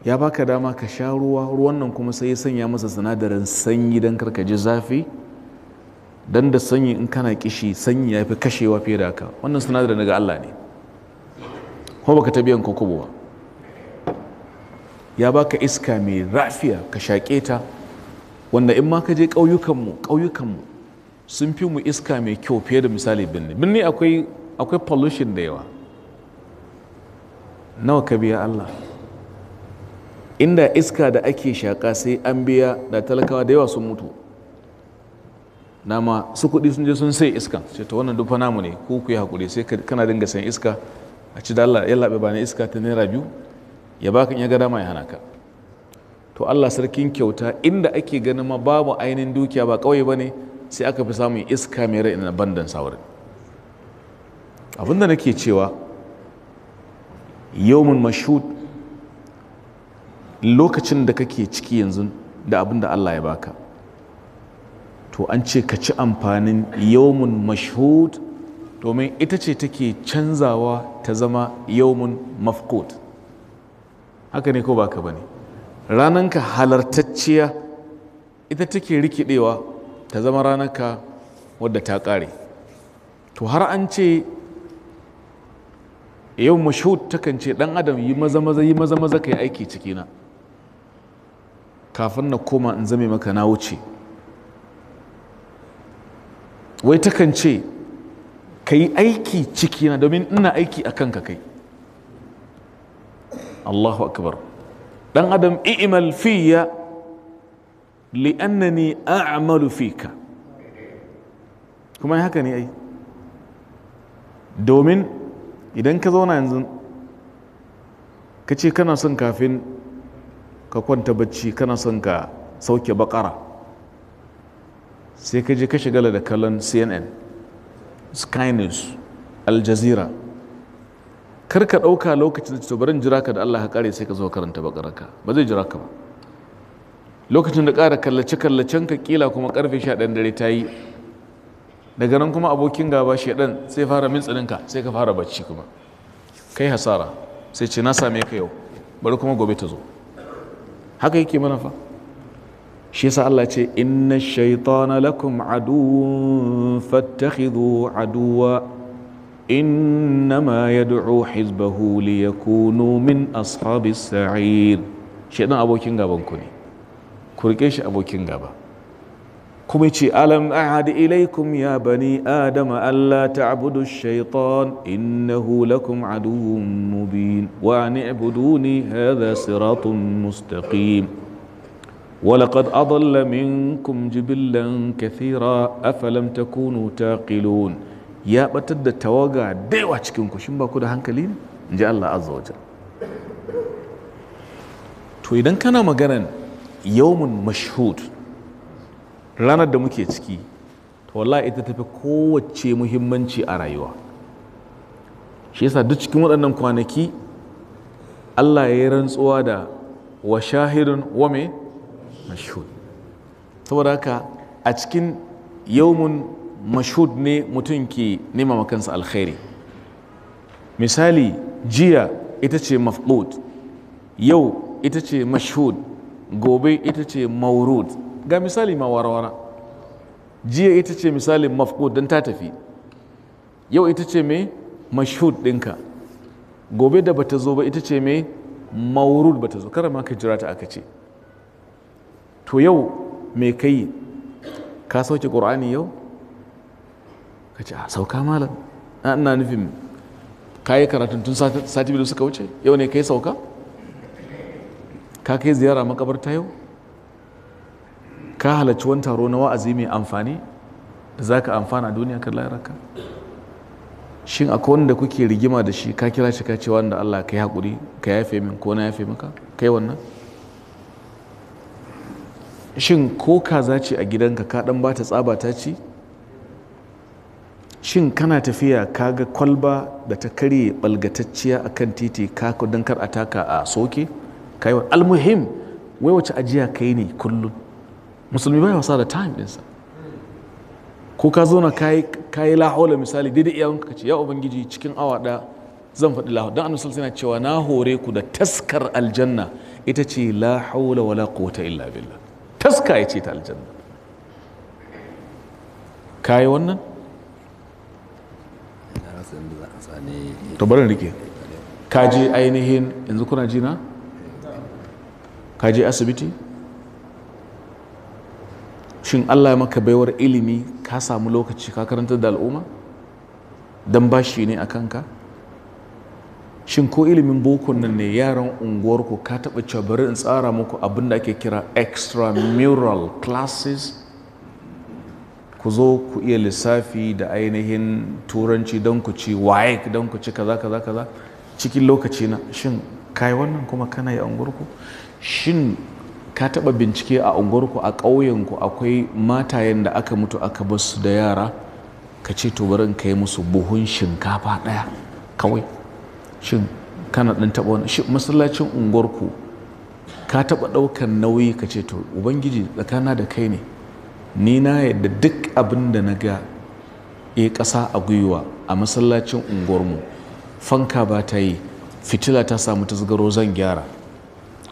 ya baka dama ka sha ruwa ruwan nan kuma sai ya sanya masa sinadarin sanyi don karka ji zafi don da sanyi in kana kishi sanyi ya fi kashewa fiye da haka wannan sinadarin daga Allah ne ko baka ta biyan kokobo ba ya baka iska mai rafiya ka shaƙe ta wanda in ma ka je ƙauyukanmu ƙauyukanmu sun fi mu iska mai kyau fiye da misali birni birni akwai akwai pollution da yawa nawa ka biya Allah inda iska da ake shaƙa sai an biya da talakawa da yawa sun mutu nama su kuɗi sun je sun sai iska ce ta wannan dufa namu ne ko ku yi haƙuri sai kana dinga san iska a ci da Allah ya laɓe ba na iska ta naira biyu ya baka in ya ga dama ya hana ka to Allah sarkin kyauta inda ake ganin ma babu ainihin dukiya ba kawai ba ne sai aka fi samun iska mai rai na bandan wurin abinda nake cewa yawmin mashud, lokacin da kake ciki yanzu da abinda Allah ya baka to an ce ka ci amfanin yawmun mashhud domin ita ce take canzawa ta zama yawmun mafkot haka ne ko baka bane rananka halartacciya ita take rikidewa ta zama ranarka wadda ta ƙare to har an ce yau mashahud takan ce ɗan adam yi maza maza yi maza maza ka yi aiki cikina kafin na koma in zame maka na wuce wai takan ce ka yi aiki cikina domin ina aiki a kanka kai Allahu akbar ɗan adam i'mal fiyya li'annani a'malu fika kuma haka ne ai domin idan ka zauna yanzu ka ce kana son kafin ka kwanta bacci kana son ka sauke bakara sai ka je ka shigala da kallon cnn sky news al jazeera kar ka ɗauka lokacin da to barin jira ka da Allah ka kare sai ka zo karanta bakaraka ba zai jira ka ba lokacin da ƙara kallace kallacen ka kila kuma karfe 11 dare ta yi daga nan kuma abokin gaba shedan sai fara mintsininka sai ka fara bacci kuma kai hasara sai ce na same ka yau bari kuma gobe ta zo haka yake mana fa shi yasa Allah ce inna shaytana lakum aduwwun fattakhidhu aduwwa innama yad'u hizbahu liyakunu min ashabis sa'ir shedan abokin gaban ku ne ku rike shi abokin gaba kuma ce alam ahad ilaikum ya bani adama alla ta'budu shaitan innahu lakum aduwwun mubin wa ni'buduni hadha siratun mustaqim ولقد أضل منكم جبلا كثيرا أفلم تكونوا تعقلون ya batar da tawaga da yawa cikin kushin baku da hankali ne in ji Allah azza to idan kana maganan yawmun mashhud ranar da muke ciki to wallahi ita tafi kowace muhimmanci a rayuwa shi yasa duk cikin waɗannan kwanaki Allah ya yi rantsuwa da wa shahidun wa mai mashhud saboda haka a cikin yawmun Mashud ne mutum ke nema makansa alkhairi misali jiya ita ce mafqud yau ita ce mashhud gobe ita ce maurud ga misali ma warwara jiya ita ce misalin mafqud don ta tafi yau ita ce mai mashhud ɗinka gobe da bata zo ba ita ce mai maurud bata zo kara ma ka jira ta aka ce to yau mai kai ka sauke ƙur'ani yau ka ce a sauka malam na ina nufin Ka yi karatun tun sati biyu suka wuce yau ne kai sauka ka kai ziyara makabarta yau ka halarci wani taro na wa'azi mai amfani da za ka amfana duniya kan lahirarka shin akwai wanda kuke rigima da shi ka kira shi ka ce wanda Allah ka yi haƙuri ka yafe min ko na yafe maka kai wannan shin ko za ce a gidanka ka dan bata tsaba ta ci shin kana tafiya kaga kwalba da ta karye balgatacciya a kan titi kaku don kar a taka a soke kaiwa almuhim wai wace ajiya kai ne kullum musulmi baya wasa da time ɗinsa ko ka zo na kayi lahola misali daidai iya wanka ce ya ubangiji cikin awa ɗaya zan faɗi lahola don annabi yana cewa na hore ku da taskar aljanna ita ce la haula wala quwwata illa billah taska ya ce ta aljanna kayi wannan to bari rike kaji ainihin yanzu kuna jina kaji asibiti shin allah ya maka baiwar ilimi ka samu lokaci ka karanta da al'umma don bashi ne a kanka shin ko ilimin bokon nan ne yaran unguwarku ka taɓa cewa bari in tsara muku abinda ake kira extramural classes ku zo ku iya lissafi da ainihin turanci don ku ci waye don ku ci kaza kaza kaza cikin lokaci na shin kai wannan kuma kana yi unguwarku shin ka taɓa bincike a unguwarku a ƙauyenku akwai matayen da aka mutu aka basu da yara ka ce to barin ka yi musu buhun shinkafa ɗaya kawai shin kana ɗan taɓa wani shi masallacin unguwarku ka taɓa ɗaukan nauyi ka ce to ubangiji tsakana da kai ne ni na yadda duk abin da na ga ya ƙasa a gwiwa a masallacin unguwarmu fanka ba ta yi fitila ta samu tasgaro zan gyara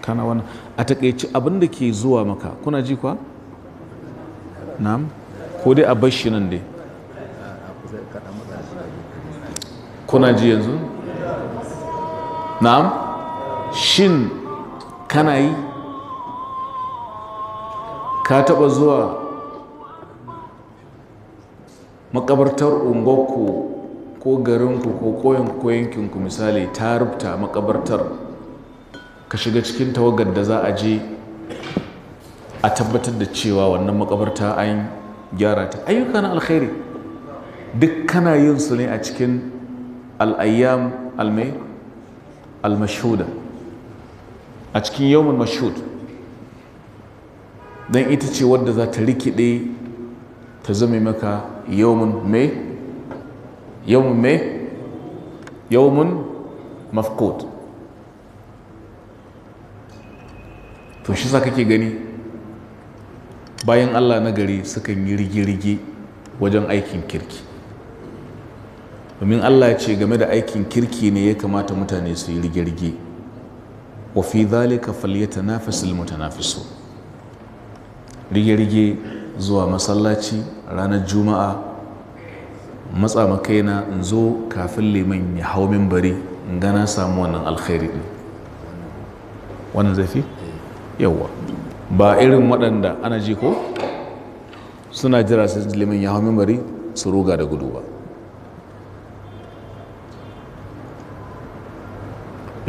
kana wani a takaici abin da ke zuwa maka kuna ji kwa? na'am ko dai a bashi nan dai kuna ji yanzu? na'am shin kana yi ka taba zuwa makabartar ungoku ko garinku ko koyanku ko yankinku misali ta rubuta makabartar ka shiga cikin tawagar da za a je a tabbatar da cewa wannan makabarta an gyara ta ayyuka na alkhairi duk kana yin su ne a cikin al'ayyam almai almashuda a cikin yawon mashud don ita ce wadda za ta rikide ta zama maka yawmun me yawmun me yawmun mafkot to shi sa kake gani bayan Allah na gari sukan yi rige wajen aikin kirki domin Allah ya ce game da aikin kirki ne ya kamata mutane su yi rige-rige wa fi zalika falyatanafasul mutanafisun rige-rige zuwa masallaci ranar juma'a matsa makaina in zo kafin liman ya hau bari in gana samu wannan alkhairi ɗin wannan zafi yawwa. ba irin waɗanda ana ji ko suna jira sai liman ya hau bari su ruga da gudu ba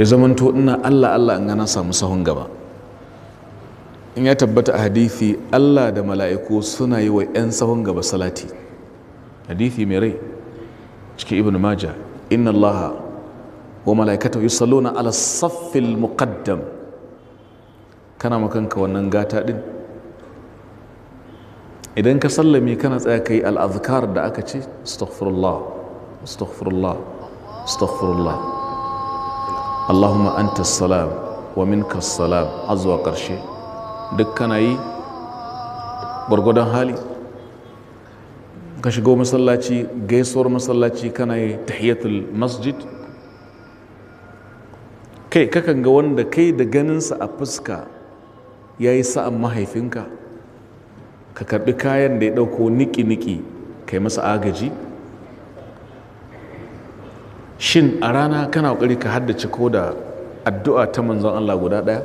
ya zamanto ina allah allah in gana samu sahun gaba in ya tabbata a hadithi Allah da mala'iku suna yi wa 'yan tsawon gaba salati hadithi mai rai cikin ibn maja inna Allah wa mala'ikata yi na ala saffil muqaddam kana makanka wannan gata din idan ka sallame kana tsaya ka yi al'azkar da aka ce astaghfirullah astaghfirullah astaghfirullah Allahumma anta salam wa minka salam zuwa ƙarshe duk kana yi gwargwadon hali ka shigo masallaci gaisuwar masallaci kana yi tahiyatul masjid kai kakan ga wanda kai da ganinsa a fuska ya yi sa'an mahaifinka ka karɓi kayan da ya ɗauko niki-niki kai masa agaji shin a rana kana ƙoƙari ka haddace ko da addu'a ta manzon Allah guda ɗaya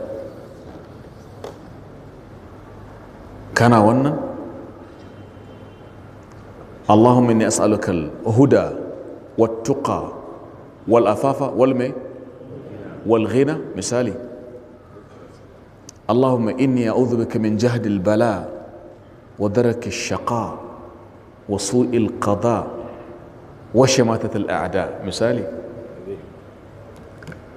kana wannan allahumma inni as'aluka al-huda wat-tuqa wal-afafa wal-mai wal-ghina misali اللهم إني أعوذ بك من جهد البلاء ودرك الشقاء وسوء القضاء وشماتة الأعداء مثالي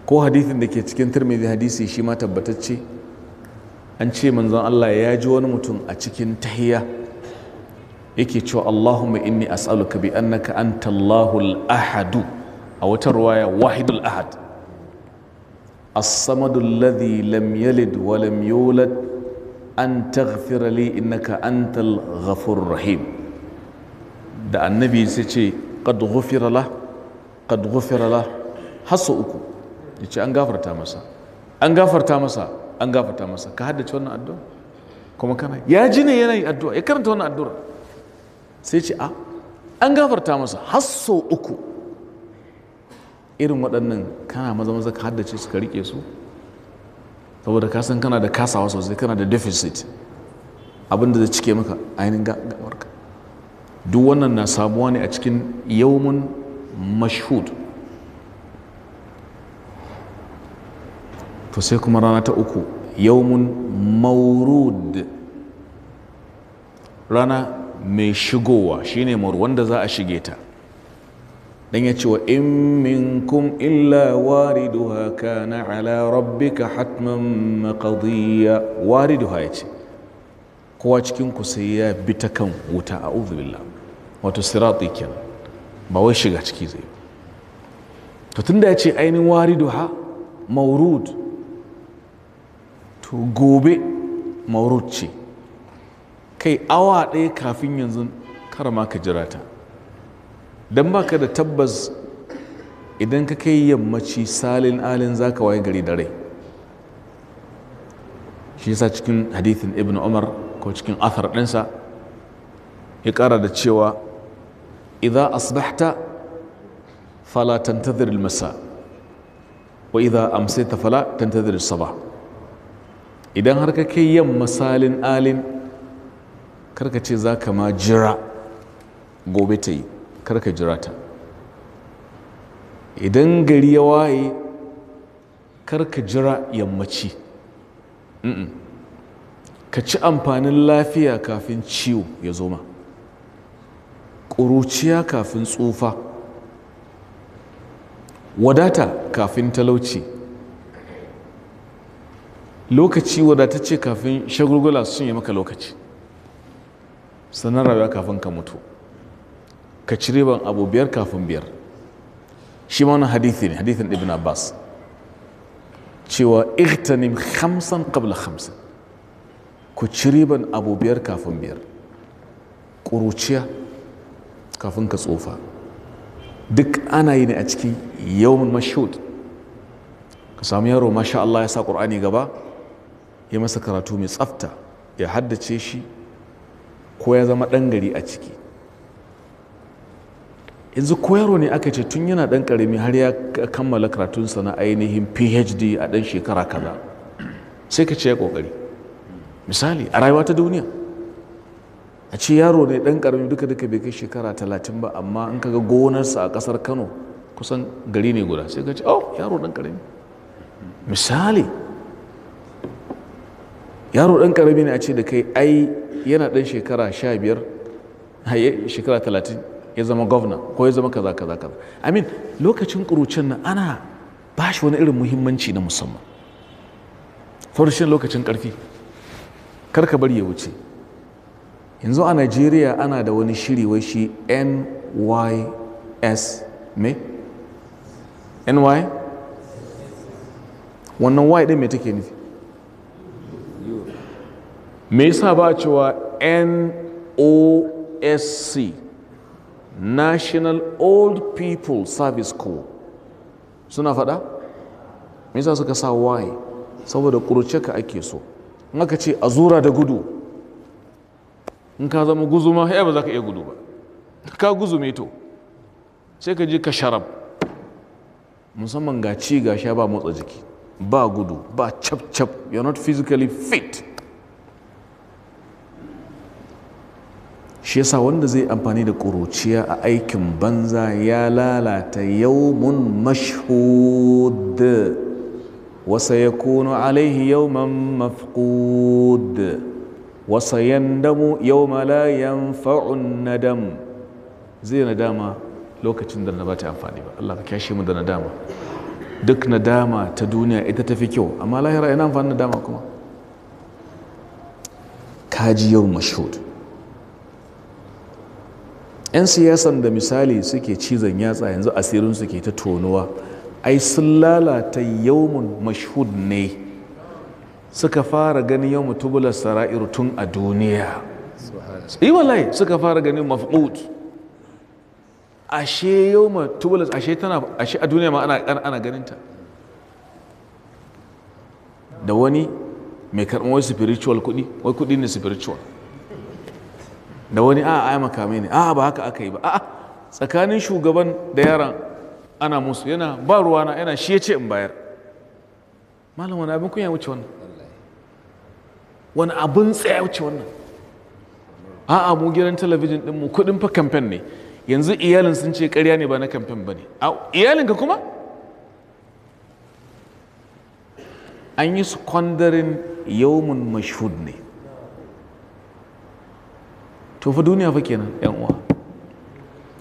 ko hadithin da ke cikin turmizi hadisi shi ma tabbatacce an ce manzon Allah ya ji wani mutum a cikin tahiyya yake cewa Allahumma inni as'aluka bi annaka anta ahadu a wata ruwaya wahidul ahad as-samadu alladhi lam yalid wa lam yulad an taghfira li innaka antal ghafurur da annabi ce qad ghufira la qad ghufira la hasu uku yace an gafarta masa an gafarta masa an gafarta masa ka haddace wannan addu'a kuma kana ya ji ne yana addu'a ya karanta wannan addu'a sai ce a ah, an gafarta masa har sau uku irin waɗannan kana maza maza ka haddace su ka riƙe su saboda ka san kana da kasawa sosai kana da deficit abinda zai cike maka ainihin ka duk wannan na sabuwa ne a cikin yawmun mashhud to sai kuma rana ta uku yawmun maurud rana mai shigowa shine maurud wanda za a shige ta dan ya ce wa in minkum illa wariduha kana ala rabbika hatman maqdiya wariduha ya ce kowa cikin ku sai ya bi ta kan wuta a billah wato sirati kenan ba wai shiga ciki zai to da ya ce ainihin wariduha maurud to gobe maurud ce kai awa ɗaya kafin yanzu kar ma ka jira ta don baka da tabbas idan ka kai yammaci salin alin za ka waye gari da rai shi yasa cikin hadithin ibn umar ko cikin athar ɗinsa ya ƙara da cewa idan asbahta fala tantazir masa wa idan amsaita fala tantazir sabah idan har ka kai yan misalin alin karka ce za ka ma jira gobe ta yi karka jira ta idan gari ya waye karka jira yammaci ka ci amfanin lafiya kafin ciwo ya zoma. ƙuruciya kafin tsufa wadata kafin talauci lokaci ce kafin shagulgula sun yi maka lokaci sannan rayuwa kafin ka mutu ka ci riban abu biyar kafin biyar shi ma wani hadithi ne hadithin ibn abbas cewa ightanim hamsan kabla hamsin ku ci riban abu biyar kafin biyar ƙuruciya kafin ka tsofa duk ana yi ne a cikin yawon mashud ka samu yaro masha Allah ya sa ƙur'ani gaba ya masa karatu mai tsafta ya haddace shi ko ya zama ɗan gari a ciki yanzu koyarwa ne aka ce tun yana ɗan ƙarami har ya kammala karatunsa na ainihin phd a ɗan shekara kaza sai ka ce ya ƙoƙari misali a rayuwa ta duniya a ce yaro ne ɗan ƙarami duka duka bai kai shekara talatin ba amma in ga gonarsa a ƙasar kano kusan gari ne guda sai ka ce oh yaro ɗan ƙarami misali yaro ɗan ƙarami ne a ce da kai ai yana ɗan shekara sha biyar shekara talatin ya zama gwamna ko ya zama kaza kaza kaza amin lokacin ƙurucin nan ana ba shi wani irin muhimmanci na musamman farshen lokacin ƙarfi karka bari ya wuce yanzu a najeriya ana da wani shiri wai shi nys me ny wannan y ɗin me take nufi me yasa ba cewa NOSC National Old People Service Corps suna faɗa? me yasa suka sa y saboda kurce ka ake so in aka ce a zura da gudu in ka zama guzuma ya ba za ka iya gudu ba ka guzume to sai ka je ka sharab musamman ga ci ga sha ba motsa jiki ba gudu ba cap cap you're not physically fit shi yasa wanda zai amfani da ƙuruciya a aikin banza ya lalata yawmun mashhud wasa ya kuno alaihi yawman mafqud wasa yandamu yawma la yanfa'un nadam zai nadama lokacin da na ba ta amfani ba Allah ka kyashe mu da nadama duk nadama ta duniya ita tafi kyau amma lahira yana amfani nadama kuma kaji yau mashhud 'yan siyasan da misali suke cizon yatsa yanzu asirin suke ta tonuwa ai sun lalata yawon mashhud ne suka fara ganin yawon tubular sara'ir tun a duniya yi suka fara ganin mafqud ashe yawmun tubular ashe tana ashe a duniya ma ana ana da wani mai karɓar wai spiritual kuɗi wai kuɗi ne spiritual da wani a ai makamai ne a ba haka aka yi ba a tsakanin shugaban da yaran ana musu yana ba ruwana yana shi ya ce in bayar malam wani abin kunya wuce wannan wani abin tsaya wuce wannan a'a mu gidan talabijin din mu kudin fa kamfen ne yanzu iyalin sun ce karya ne ba na kamfen ba ne iyalinka kuma an yi su kwandarin yawmun mashhud ne to fa duniya fa kenan yan uwa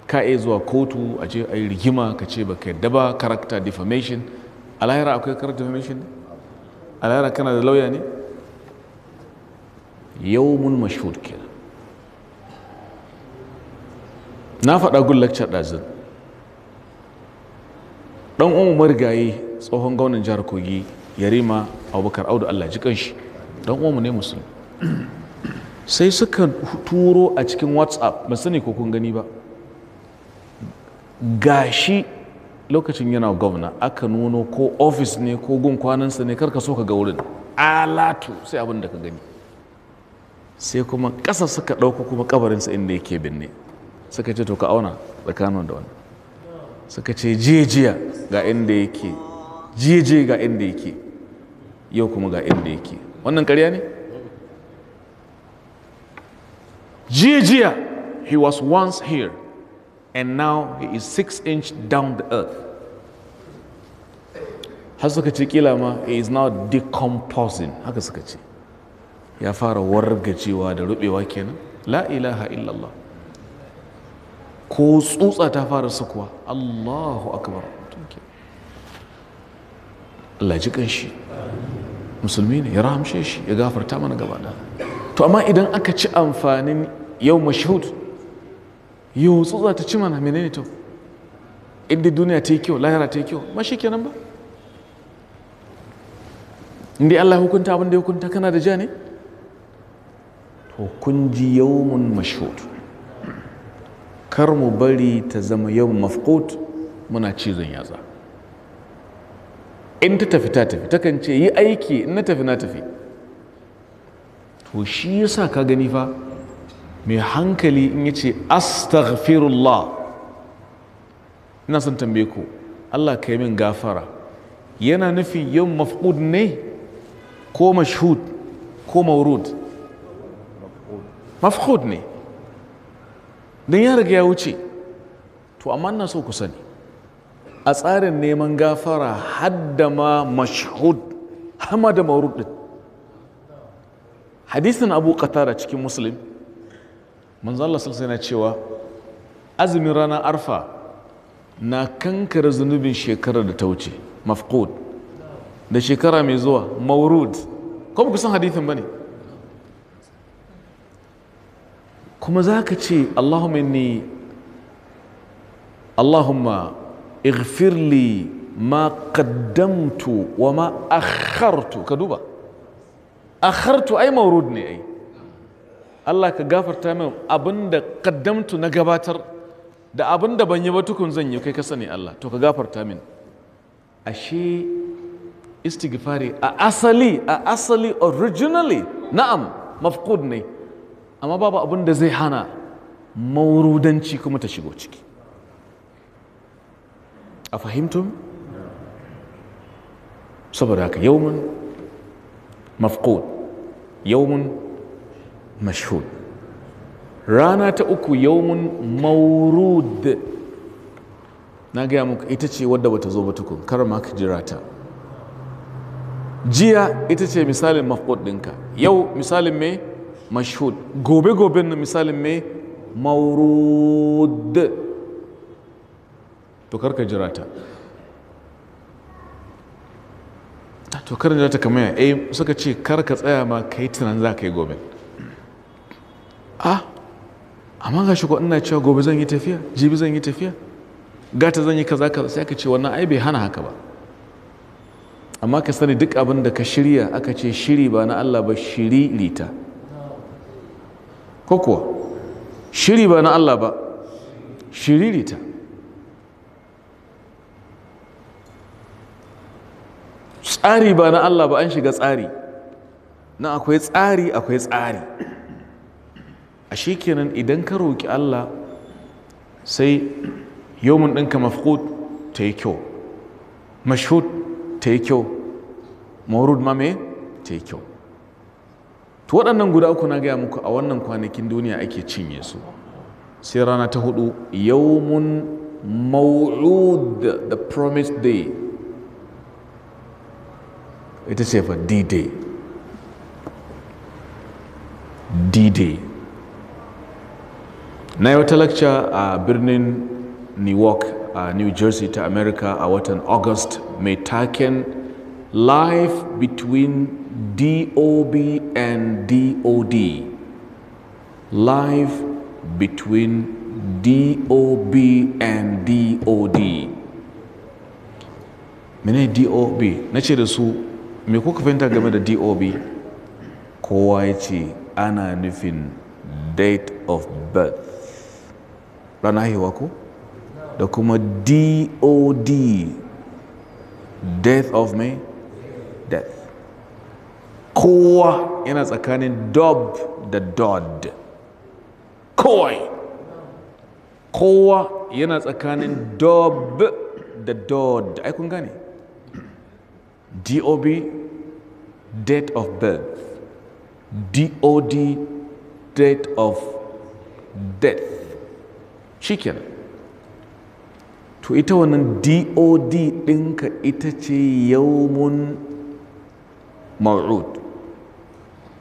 ka iya zuwa kotu a je a yi rigima ka ce ba ka yadda ba character defamation a lahira akwai character defamation ne a lahira kana da lauya ne yawmun mashhud kenan na faɗa gun lecture ɗazin ɗan umar marigayi tsohon gwamnan jihar kogi yarima abubakar audu allah ji kanshi ɗan umar ne musulmi sai suka turo a cikin whatsapp ba sani ko kun gani ba gashi lokacin yana gwamna aka nuno ko ofis ne ko gun kwanansa ne karka so ka ga wurin alatu sai abin da ka gani sai kuma ƙasa suka ɗauko kuma kabarinsa inda yake binne suka ce to ka auna tsakanin da wani suka ce jijiya ga inda yake jijiya ga inda yake yau kuma ga inda yake wannan karya ne jiya he was once here and now he is six inch down the earth. har suka ce kila ma is now decomposing haka suka ce ya fara wargacewa da rubewa kenan la ilaha illallah ko tsutsa ta fara sukuwa allahu akbar Allah ji shi. musulmi ne ya rahamshe shi ya gafarta mana gaba ɗaya to amma idan aka ci amfanin yau mashahud yau tsutsa ta ci mana menene to inda duniya ta yi kyau lahira ta yi kyau ma shi kenan ba inda Allah hukunta abin da hukunta kana da ja ne to kun ji yawmun mashhud kar mu bari ta zama yau mafqut muna cizon yatsa in ta tafi ta tafi takan ce yi aiki in na tafi na tafi to shi yasa ka gani fa mai hankali in yace astaghfirullah ina son tambaye ku Allah ka yi min gafara yana nufi yau mafqud ne ko mashhud ko maurud mafqud ne don ya riga ya wuce to amma na so ku sani a tsarin neman gafara haddama ma mashhud hama da maurud hadisin abu qatada cikin muslim manzo Allah sallallahu alaihi cewa azumin ranar arfa na kankare zunubin shekarar da ta wuce mafqud da shekara mai zuwa maurud kuma kusan hadithin bane kuma za ka ce Allahumma inni Allahumma ighfir ma qaddamtu wa ma akhartu ka duba akhartu ai maurud ne ai Allah ka gafarta min abinda kaddamtu na gabatar da abinda ban yi ba tukun zan yi kai ka sani Allah to ka gafarta min ashe istighfari a asali a asali originally na'am mafqud ne amma babu abinda zai hana maurudanci kuma ta shigo ciki a fahimtum saboda haka mun mafqud yawmun mashhud rana ta uku yawmun maurud na gaya muku ita ce wadda bata zo ba tukun kar ma ka jira ta jiya ita ce misalin mafud ɗinka yau misalin me mashhud gobe goben na misalin me maurud to kar ka jira ta to karin da ta ya eh suka ce kar ka tsaya ma ka yi tunanin za ka yi gobe a ah, amma ga shi ko ina cewa gobe zan yi tafiya jibi zan yi tafiya gata zan yi kaza ka sai ka ce wannan ai bai hana haka ba amma ka sani duk abin da ka shirya aka ce shiri ba na Allah ba shiri lita ko kuwa shiri ba na Allah ba shiri lita tsari ba na Allah ba an shiga tsari na akwai tsari akwai tsari a kenan idan ka roƙi Allah sai yomin ɗinka mafkud ta yi kyau mashhud ta yi kyau maurud mame ta yi kyau to waɗannan guda uku na gaya muku a wannan kwanakin duniya ake cinye su sai rana ta hudu yawmun maw'ud the promised day ita ce fa d-day d-day na yi wata lakca a birnin newark a new jersey ta america a watan august mai taken life between dob and dod life between dob and dod mene dob na ce da su me kuka fahimta game da dob kowa ya ce ana nufin date of birth ranar haihuwa ko da kuma dod death of me death kowa yana tsakanin dob da dod Kawai. kowa yana tsakanin dob da dod ai kun gane DOB, date of birth, DOD, date of death. chicken To ita wannan DOD ɗinka ita ce yawmun ma'ud,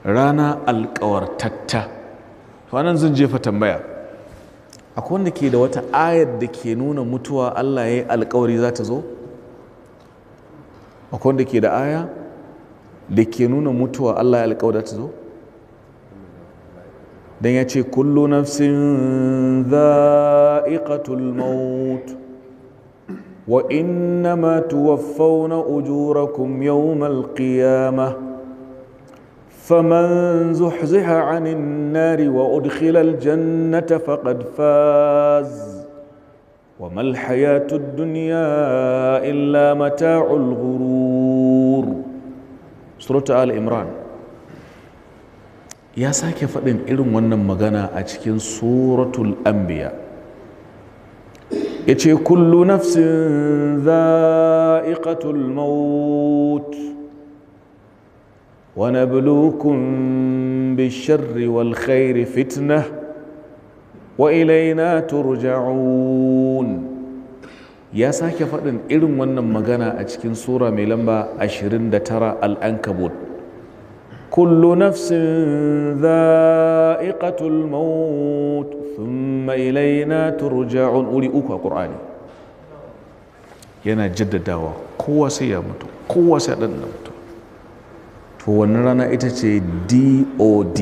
rana alkawartatta. Wannan zan jefa tambaya. Akwai wanda ke da wata ayar da ke nuna mutuwa Allah ya yi alkawari za ta zo? akwai da ke da aya da ke nuna mutuwa allah ya alkawar zo don ya ce kullu nafsin za'iqatul maut wa inna ma tuwaffawna ujurakum yawmal qiyama faman zuhziha 'anil nari wa udkhilal jannata faqad faz wa mal duniya illa mata'ul ghurur suratu al-imran ya sake faɗin irin wannan magana a cikin suratul anbiya ya ce kullu nafsin za'iqatul maut wa nabluukum bish-sharri wal khairi fitna, wa ilaina turja'un ya sake faɗin irin wannan magana a cikin sura mai lamba 29 al'ankabut kullu nafsin za'iqatul maut thumma ilaina turja'un uri uku a ƙur'ani yana jaddadawa kowa sai ya mutu kowa sai ɗan da mutu to wannan rana ita ce dod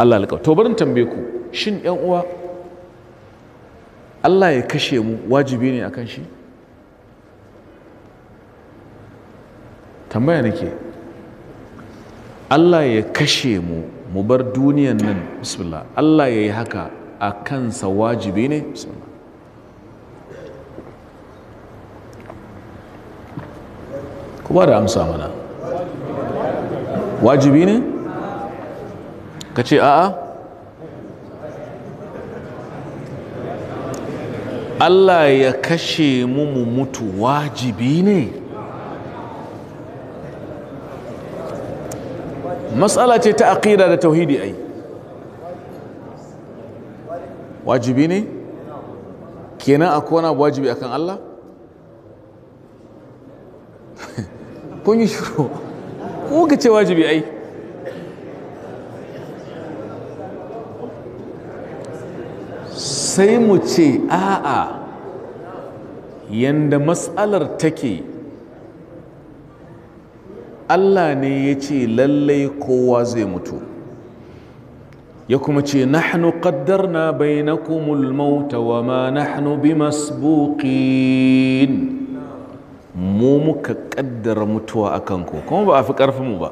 Allah alƙawar to barin tambaye ku shin 'yan uwa Allah ya kashe mu wajibi ne akan shi tambaya nake Allah ya kashe mu mu bar duniyan nan bismillah Allah ya yi haka a kansa wajibi ne bismillah kuma da amsa mana wajibi ne ka ce a'a Allah ya kashe mu mu mutu wajibi ne matsala ce ta aƙida da tauhidi ai wajibi ne kenan akwai wani wajibi akan Allah *laughs* kun yi shiru ko ka ce wajibi ai sai mu ce a'a yadda matsalar take Allah ne ya ce lallai kowa zai mutu ya kuma ce nahnu qaddarna bainakumul mauta wa ma nahnu bimasbuqin mu muka kaddara mutuwa akan ku kuma ba a fi karfin mu ba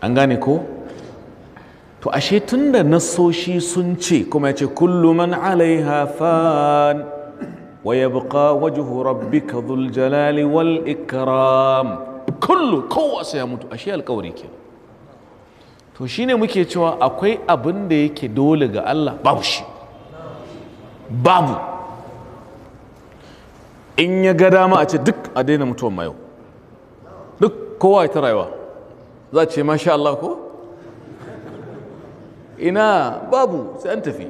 an gane ko to ashe tunda nasoshi sun ce kuma ce kullu man alaiha fan wa yabqa wajhu rabbika dhul jalali wal ikram kullu kowa sai ya mutu ashe alƙawari ke to shine muke cewa akwai abin da yake dole ga Allah babu shi babu in ya ga dama a ce duk a daina mutuwan ma duk kowa ya ta rayuwa za a ce masha Allah ko ina babu sai an tafi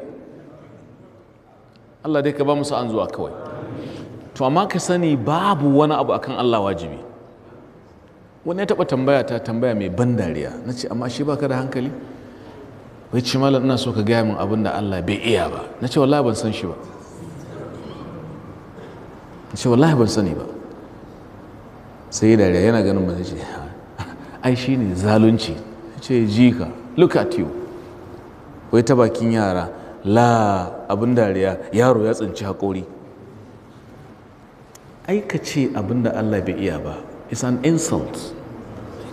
Allah dai ka ba musu an zuwa kawai to amma ka sani babu wani abu akan Allah wajibi wani ya taɓa tambaya ta tambaya mai ban dariya na ce amma shi baka da hankali wai ci malam ina so ka gaya min abin da Allah bai iya ba na ce wallahi ban san shi ba na ce wallahi ban sani ba sai dariya yana ganin ba ce ai shi ne zalunci ce ji ka look at you wai ta bakin yara la abin dariya yaro ya tsinci haƙori aikace abin da allah bai iya ba is an insult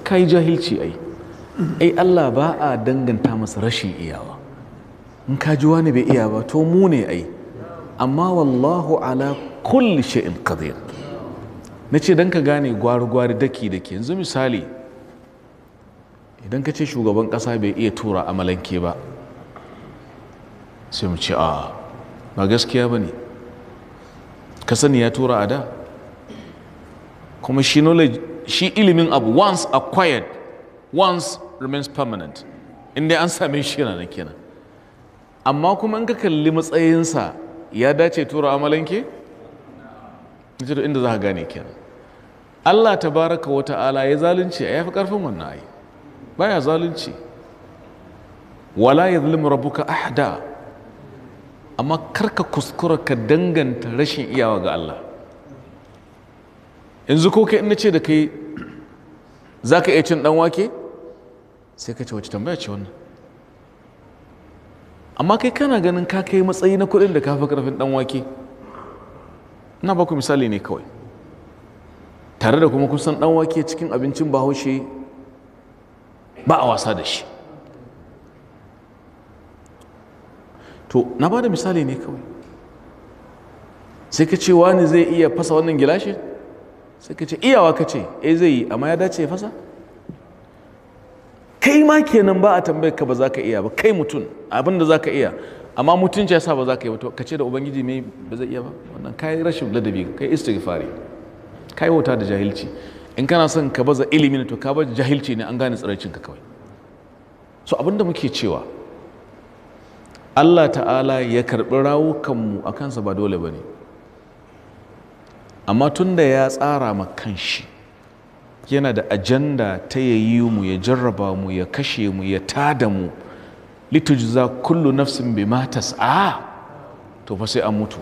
kai jahilci ai ai allah ba a danganta masa rashin iyawa in ka ji wani bai iya ba to mu ne ai amma wallahu ala kulli sha'in qadir na ce don ka gane gwari-gwari daki-daki yanzu misali idan ka ce shugaban ƙasa bai iya tura amalanke ba sai mu ce a ba gaskiya ba ne ka sani ya tura a da kuma shi shi ilimin abu once acquired once remains permanent inda an same shi yana kenan amma kuma in ka kalli matsayinsa ya dace tura amalanke? ita inda za ka gane kenan Allah ta baraka wa ta'ala ya zalunci a yafi karfin wannan ayi baya zalunci wala ya zulmi ka ahda amma karka kuskura ka danganta rashin iyawa ga Allah yanzu ko kai ina ce da kai za ka iya cin dan wake sai ka ce wace tambaya ce wannan amma kai kana ganin ka kai matsayi na kudin da ka fi karfin dan wake ina ba ku misali ne kawai tare da kuma kusan dan wake cikin abincin bahaushe ba a wasa da shi to na ba da misali ne kawai sai ka ce wani zai iya fasa wannan gilashi? sai ka ce iyawa ka ce eh zai yi amma ya dace ya fasa kai ma kenan ba a tambayar ka ba za ka iya ba kai mutum abin da za ka iya amma mutunci ya sa ba za ka yi ba ka ce da ubangiji mai ba zai iya ba wannan kai rashin ladabi kai istighfari kai wauta da jahilci in kana son ka baza ilimi ne to ka baza jahilci ne an gane tsiraicin ka kawai so abinda muke cewa Allah ta'ala ya karɓi rawukanmu a kansa ba dole ba ne amma tun da ya tsara ma kanshi yana da ajanda ta yayi mu ya jarraba mu ya kashe mu ya tada mu litujza kullu nafsin bima tas'a to fa sai an mutu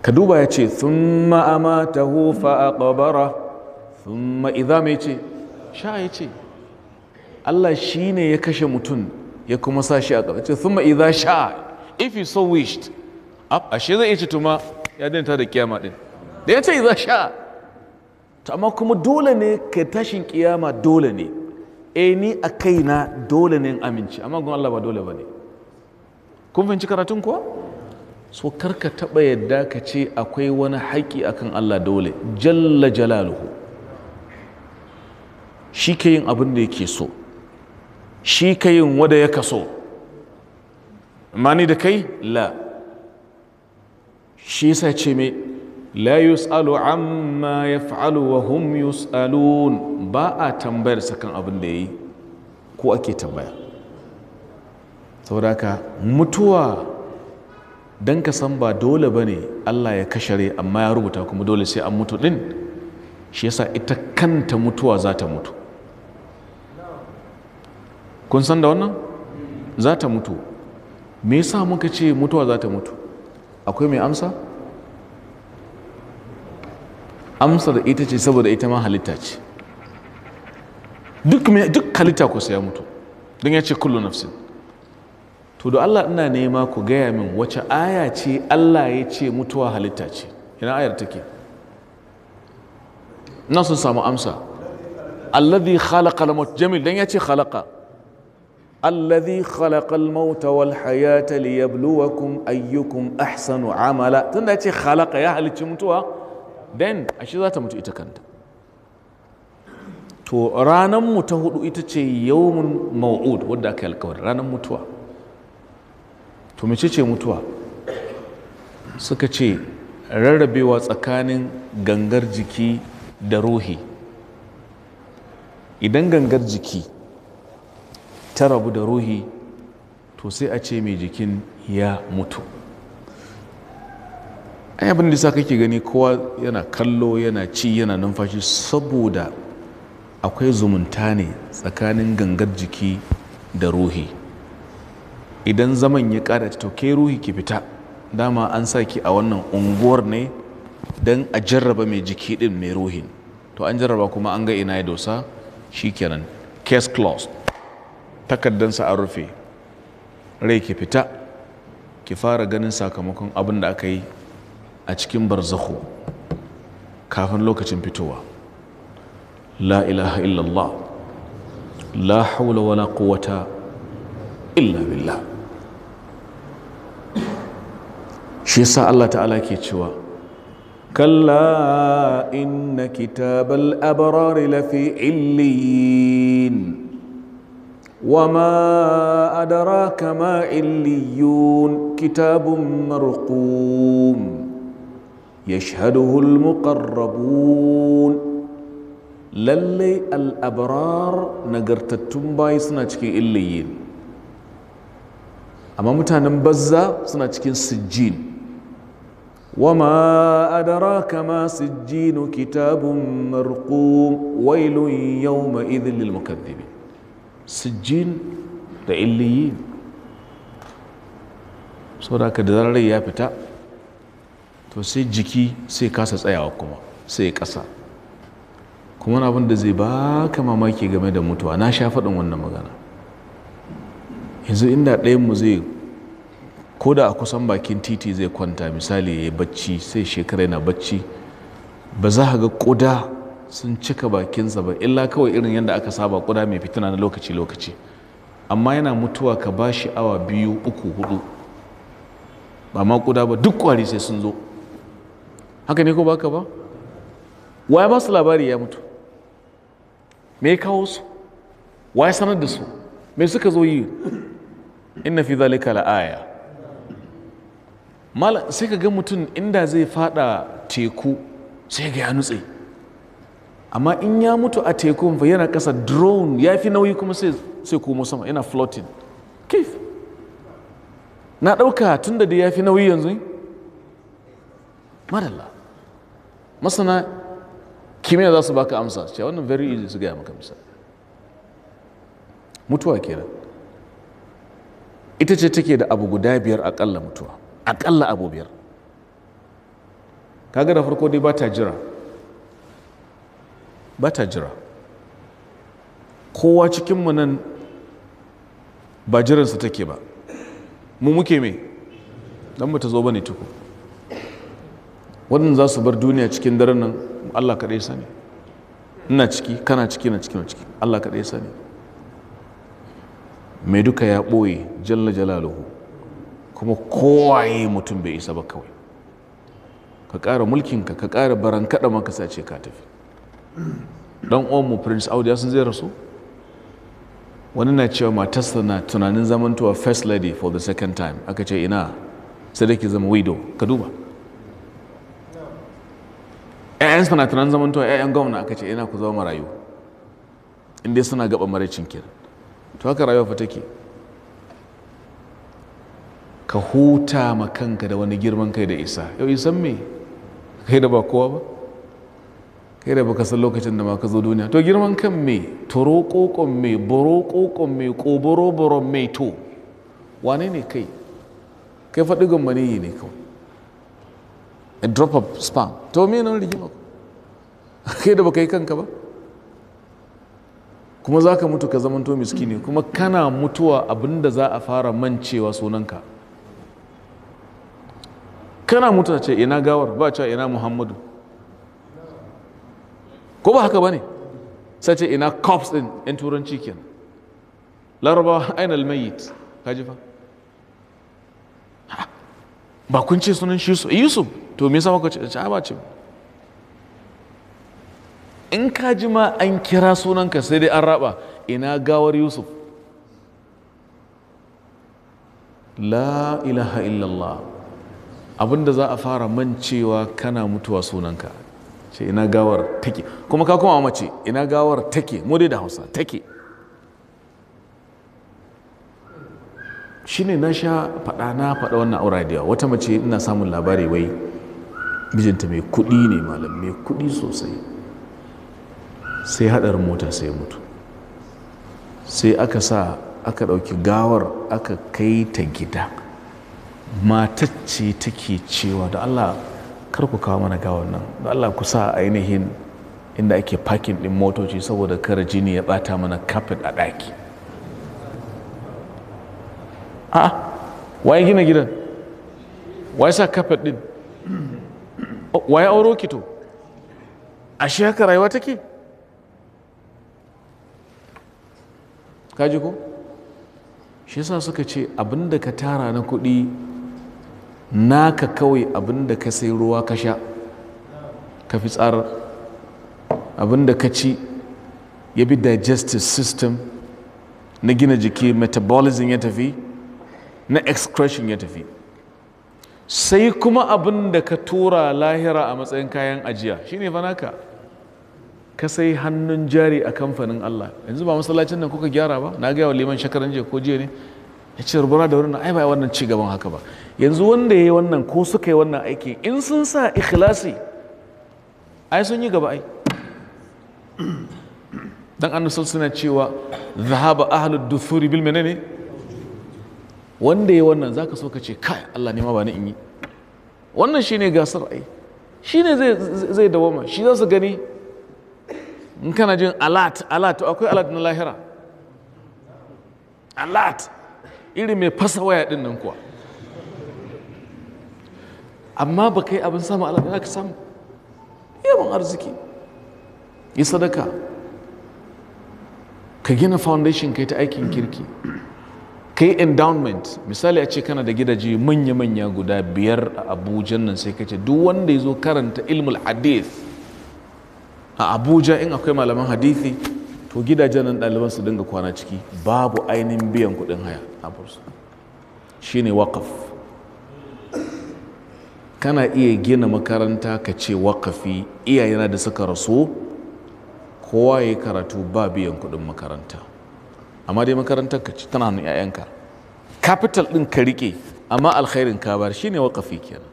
ka duba ya ce thumma amatahu fa aqbara thumma idza mai ce sha ya ce Allah shi ne ya kashe mutum ya kuma sa shi a ƙarshe thumma idza sha if you so wished ashe zai ce tuma ya danta da kiyama din da ya ce idza sha to amma kuma dole ne ka tashin kiyama dole ne eh ni a kai na dole ne in amince amma gun Allah ba dole bane kun fahimci karatun kuwa so kar ka taɓa yadda ka ce akwai wani haƙƙi akan Allah dole jalla jalaluhu shi ke yin abin da yake so shi ka yin wada ya kaso mani da kai la shi sa ce mai la yus'alu amma fa’alu wa hum yus'alun ba a tambayar sakan abin da ya yi. ko ake tambaya saboda mutuwa don ka san ba dole ba ne Allah ya kashare amma ya rubuta kuma dole sai an mutu din shi yasa ita kanta mutuwa za ta mutu kun san da wannan za ta mutu me yasa muka ce mutuwa za ta mutu akwai mai amsa amsar ita ce saboda ita ma halitta ce duk halitta ku sai ya mutu don ya ce kullu nafsin to da Allah ina nema ku gaya min wace aya ce Allah ya ce mutuwa halitta ce ina ayar take na sun samu amsa alladhi khalaqa lamut jamil dan ya ce khalaqa alladhi khalaqal mauta wal hayata liyabluwakum ayyukum ahsanu amala tunda yace khalaqa ya halicci mutuwa then ashe za ta mutu ita kanta to ranan ta hudu ita ce yawmun mau'ud wadda aka alkawari ranan mutuwa to mece ce mutuwa suka ce rarrabewa tsakanin gangar jiki da ruhi idan gangar jiki ta rabu da ruhi to sai a ce mai jikin ya mutu an abin da sa kake gani kowa yana kallo yana ci yana numfashi saboda akwai zumunta ne tsakanin gangar jiki da ruhi idan zaman ya kada to ke ruhi ki fita dama an sa ki a wannan unguwar ne don a jarraba mai jiki din mai ruhin to an jarraba kuma an ga ina ya dosa shikenan case closed takardansa a rufe rai ki fita ki fara ganin sakamakon abin da aka yi a cikin barzahu kafin lokacin fitowa la ilaha illallah la haula wala quwwata illa billah shi yasa Allah ta'ala ke cewa kalla inna kitabal abrari lafi illiyin وما أدراك ما إليون كتاب مرقوم يشهده المقربون للي الأبرار نقرت التنباي سنتكي إليين أما متانا بزا سنتكي سجين وما أدراك ما سجين كتاب مرقوم ويل يومئذ للمكذبين sijjin da illiyin sau da ka da zarar ya fita to sai jiki sai kasa tsayawa kuma sai kasa kuma abin da zai ka mamaki game da mutuwa na sha faɗin wannan magana yanzu inda ɗayanmu zai ko da a kusan bakin titi zai kwanta misali ya yi bacci sai shekara yana bacci ba za ka ga ƙuda sun cika bakinsa ba illa kawai irin yadda aka saba kuda mai fitina na lokaci-lokaci amma yana mutuwa ka ba shi awa biyu uku hudu ba ma kuda ba duk kwari sai sun zo haka ne ko baka ba waya ba su labari ya mutu me kawo su waya sanar da su me suka zo yi inna fi zalika la'aya sai ka ga mutum inda zai fada teku sai ga ya nutse amma in ya mutu a tekun fa yana kasa drone ya fi nauyi kuma sai komo sama yana floating kif na ɗauka tun da ya fi nauyi yanzu madalla masana kimiyya za su baka amsa cewa wannan very easy su gaya maka misa mutuwa kenan ita ce take da abu guda biyar akalla mutuwa akalla abu biyar kaga da farko dai ba ta jira ba ta jira kowa cikinmu nan ba jiransa take ba mu muke mai don ta zo ba ne tuku waɗanda za su bar duniya cikin daren nan allah kaɗai sani ina ciki kana ciki na ciki na ciki allah kaɗai sani mai duka ya ɓoye jalla jalaluhu kuma kowaye mutum bai isa ba kawai ka ƙara mulkinka ka ƙara barankaɗa maka sace ka tafi dan mu prince audu ya sun zai rasu wani na cewa matarsa na tunanin zamantowa first lady for the second time aka ce ina sai da ke zama widow ka duba ƴaƴansa na tunanin zamantowa ƴaƴan gwamna aka ce ina ku zama marayu inda suna gaba maraicin kenan to haka rayuwa fa take ka huta makanka kanka da wani girman kai da isa yau isan me kai da ba kowa ba kai da baka san lokacin da ma ka zo duniya to girman kan me turo kokon me boro kokon me koboro boron me to wane ne kai kai fa digon maniyi ne kawai a drop of sperm to me nan rigima *laughs* kai da baka yi kanka ba kuma za ka mutu ka miski miskini kuma kana mutuwa abinda za a fara mancewa sunanka kana mutu ce ina gawar ba cewa ina muhammadu ko ba haka ba ne sai ce ina cops din yan turanci ken laraba *laughs* aina almayit ji fa ba kun ce sunan shi yusuf eh, to me yasa kuka ce ba ce in ka ji ma an kira sunanka sai dai an raba ina gawar yusuf la ilaha illallah abinda za a fara mancewa kana mutuwa sunanka ce ina gawar take kuma ka kuma mace ina gawar take mu dai da hausa take shine na sha faɗa na faɗa wannan aura da wata mace ina samun labari wai mijinta mai kuɗi ne malam mai kuɗi sosai sai haɗarin mota sai mutu sai aka sa aka ɗauki gawar aka kai ta gida matacce take cewa da allah kar ku kawo mana gawan nan da Allah ku sa ainihin inda ake parking din motoci saboda kar jini ya bata mana carpet a daki. a'a waye gina gidan waye sa carpet din waye auro ki to ashe haka rayuwa take kaji ko shi yasa suka ce abinda ka tara na kuɗi naka kawai abinda ka sai ruwa ka sha ka fi abinda ka ci ya bi digestive system na gina jiki metabolism ya tafi na excretion ya tafi sai kuma abinda ka tura lahira a matsayin kayan ajiya shine fa naka ka sai hannun jari a kamfanin Allah yanzu ba masallacin nan kuka gyara ba na gaya wa liman shakaran jiya ko jiya ne ya ce rubura da wurin ai ba wannan ci gaban haka ba yanzu wanda ya yi wannan ko suka yi wannan aiki in sun sa ikhlasi ai sun yi gaba ai dan annasar suna cewa zahaba ahlud duthuri bil menene wanda ya wannan zaka so ka ce kai Allah ne ma ba ni in yi wannan shine gasar ai shine zai zai dawoma shi za su gani in kana jin alat alat akwai alat na lahira alat irin mai fasa waya din nan kuwa amma ba kai abin samu alaƙa ka samu yawan arziki yi sadaka ka gina foundation kai ta aikin kirki ka yi endowment misali a ce kana da gidaje manya-manya guda biyar a abuja nan sai ka ce duk wanda ya zo karanta ilmul hadith a abuja in akwai malaman hadithi to gidajen nan ɗaliban su dinga kwana ciki babu ainihin biyan kuɗin haya a bursa ne wakaf kana iya gina makaranta ka ce wakafi iyayena da suka rasu kowa ya karatu ba biyan kudin makaranta amma dai makarantar ka ce tana hannun 'ya'yanka capital ɗin ka rike amma alkhairin ka bar shine wakafi kenan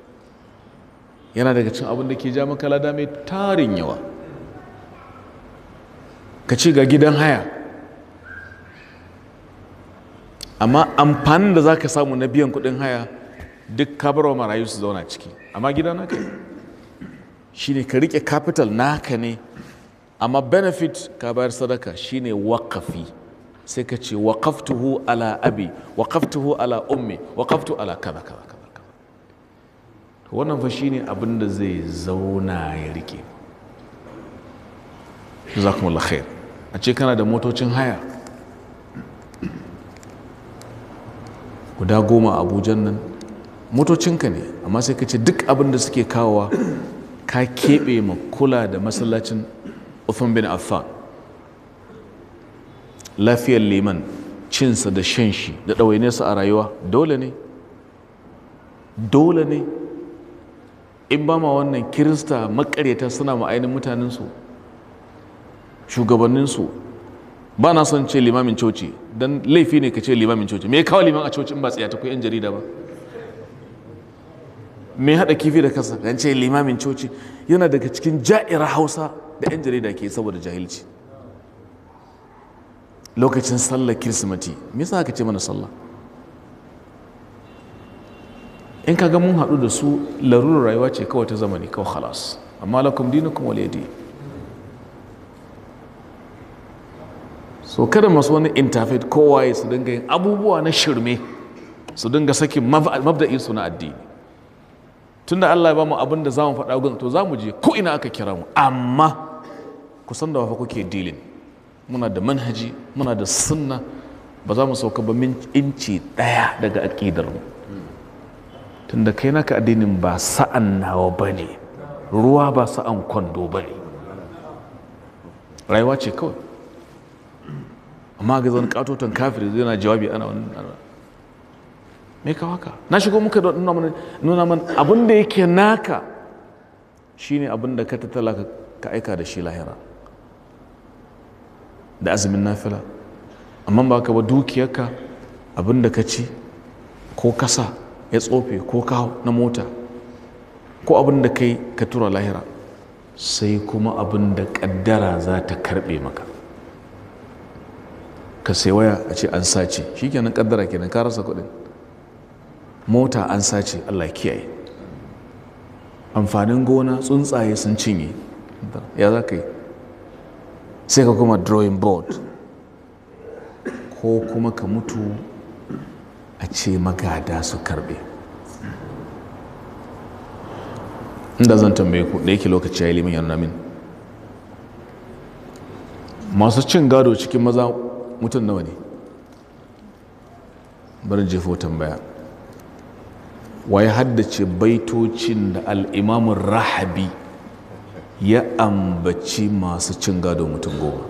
yana daga cin abin da ke ja maka lada mai tarin yawa ka ce ga gidan haya amma amfanin da za ka samu na biyan kudin haya duk ka marayu su zauna ciki amma gida naka shine ka rike capital naka ne amma benefit ka bayar sadaka shine wakafi sai ka ce waqaftuhu ala abi waqaftuhu ala ummi waqaftu ala kaza kaza kaza kaza wannan fa shine abin da zai zauna ya rike kuma khair a ce kana da motocin haya guda goma a abujan nan motocinka ne amma sai ka ce duk abin da suke kawowa ka keɓe ma kula da masallacin Uthman bin affa lafiyar liman cinsa da shan shi da ɗawainarsa a rayuwa dole ne dole ne in ba ma wannan kirista makareta suna ma'ainin mutanensu shugabanninsu ba na son ce limamin coci don laifi ne ka ce limamin coci me kawo liman a coci in ba tsaya ta ku yan jarida ba mai haɗa kifi da kasa an ce limamin coci yana daga cikin ja'ira hausa da 'yan jarida ke saboda jahilci lokacin sallar kirsimati me sa aka ce mana sallah in ka ga mun haɗu da su larurar rayuwa ce kawai ta zamani kawai halas amma lakum kuma waliyadi so kada masu wani interfaith kowaye su dinga yin abubuwa na shirme su dinga sakin mabda'i su na addini tunda Allah ya bamu abin da mu faɗa gudun to zamu je ko ina aka kira mu amma ku san da wafa kuke dilin muna da manhaji muna da sunna ba za mu sauka ba min inci ɗaya daga aƙidar mu tunda kai naka addinin ba sa'an nawa ba ne ruwa ba sa'an kwando ba ne rayuwa ce kawai amma ga zan katoton kafiri zai na jawabi ana me ka haka na shigo muka da nuna mana abin da yake naka shine abin da ka tattala ka aika da shi lahira da azumin nafila amma ba ka ba dukiyarka abin da ka ci ko kasa ya tsofe ko kawo na mota ko abin da kai ka tura lahira sai kuma abin da kaddara za ta karbe maka ka sai waya a ce an sace shi kenan kaddara kenan ka rasa kuɗin mota an sace allah kiyaye amfanin gona tsuntsaye sun cinye ya za ka yi sai ka kuma drawing board ko kuma ka mutu a ce magada su karbe inda zan tambaye ku da yake lokaci ya yi limin yana min masu cin gado cikin maza mutum nawa ne barin jefo tambaya wa ya haddace baitocin da al'imamun rahabi ya ambaci masu cin gado mutum goma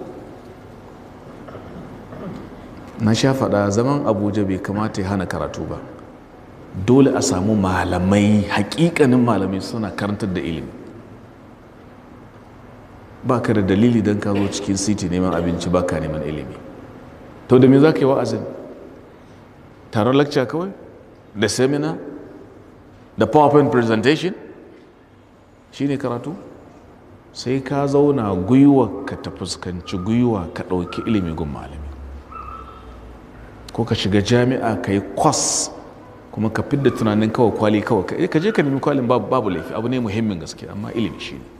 na sha faɗa zaman abuja bai kamata ya hana karatu ba dole a samu malamai hakikanin malamai suna karantar da ilimi ba ka da dalili don ka zo cikin siti neman abinci ba ka neman ilimi to da me za ka yi wa'azin taron lakca kawai da semina da powerpoint presentation shi ne karatu sai ka zauna gwiwa ka ta fuskanci gwiwa ka ɗauki ilimin gun malami ko ka shiga jami'a ka yi kwas kuma ka fidda tunanin kawai kwali kawai ka je ka nemi kwalin babu laifi abu ne muhimmin gaske amma ilimi shi ne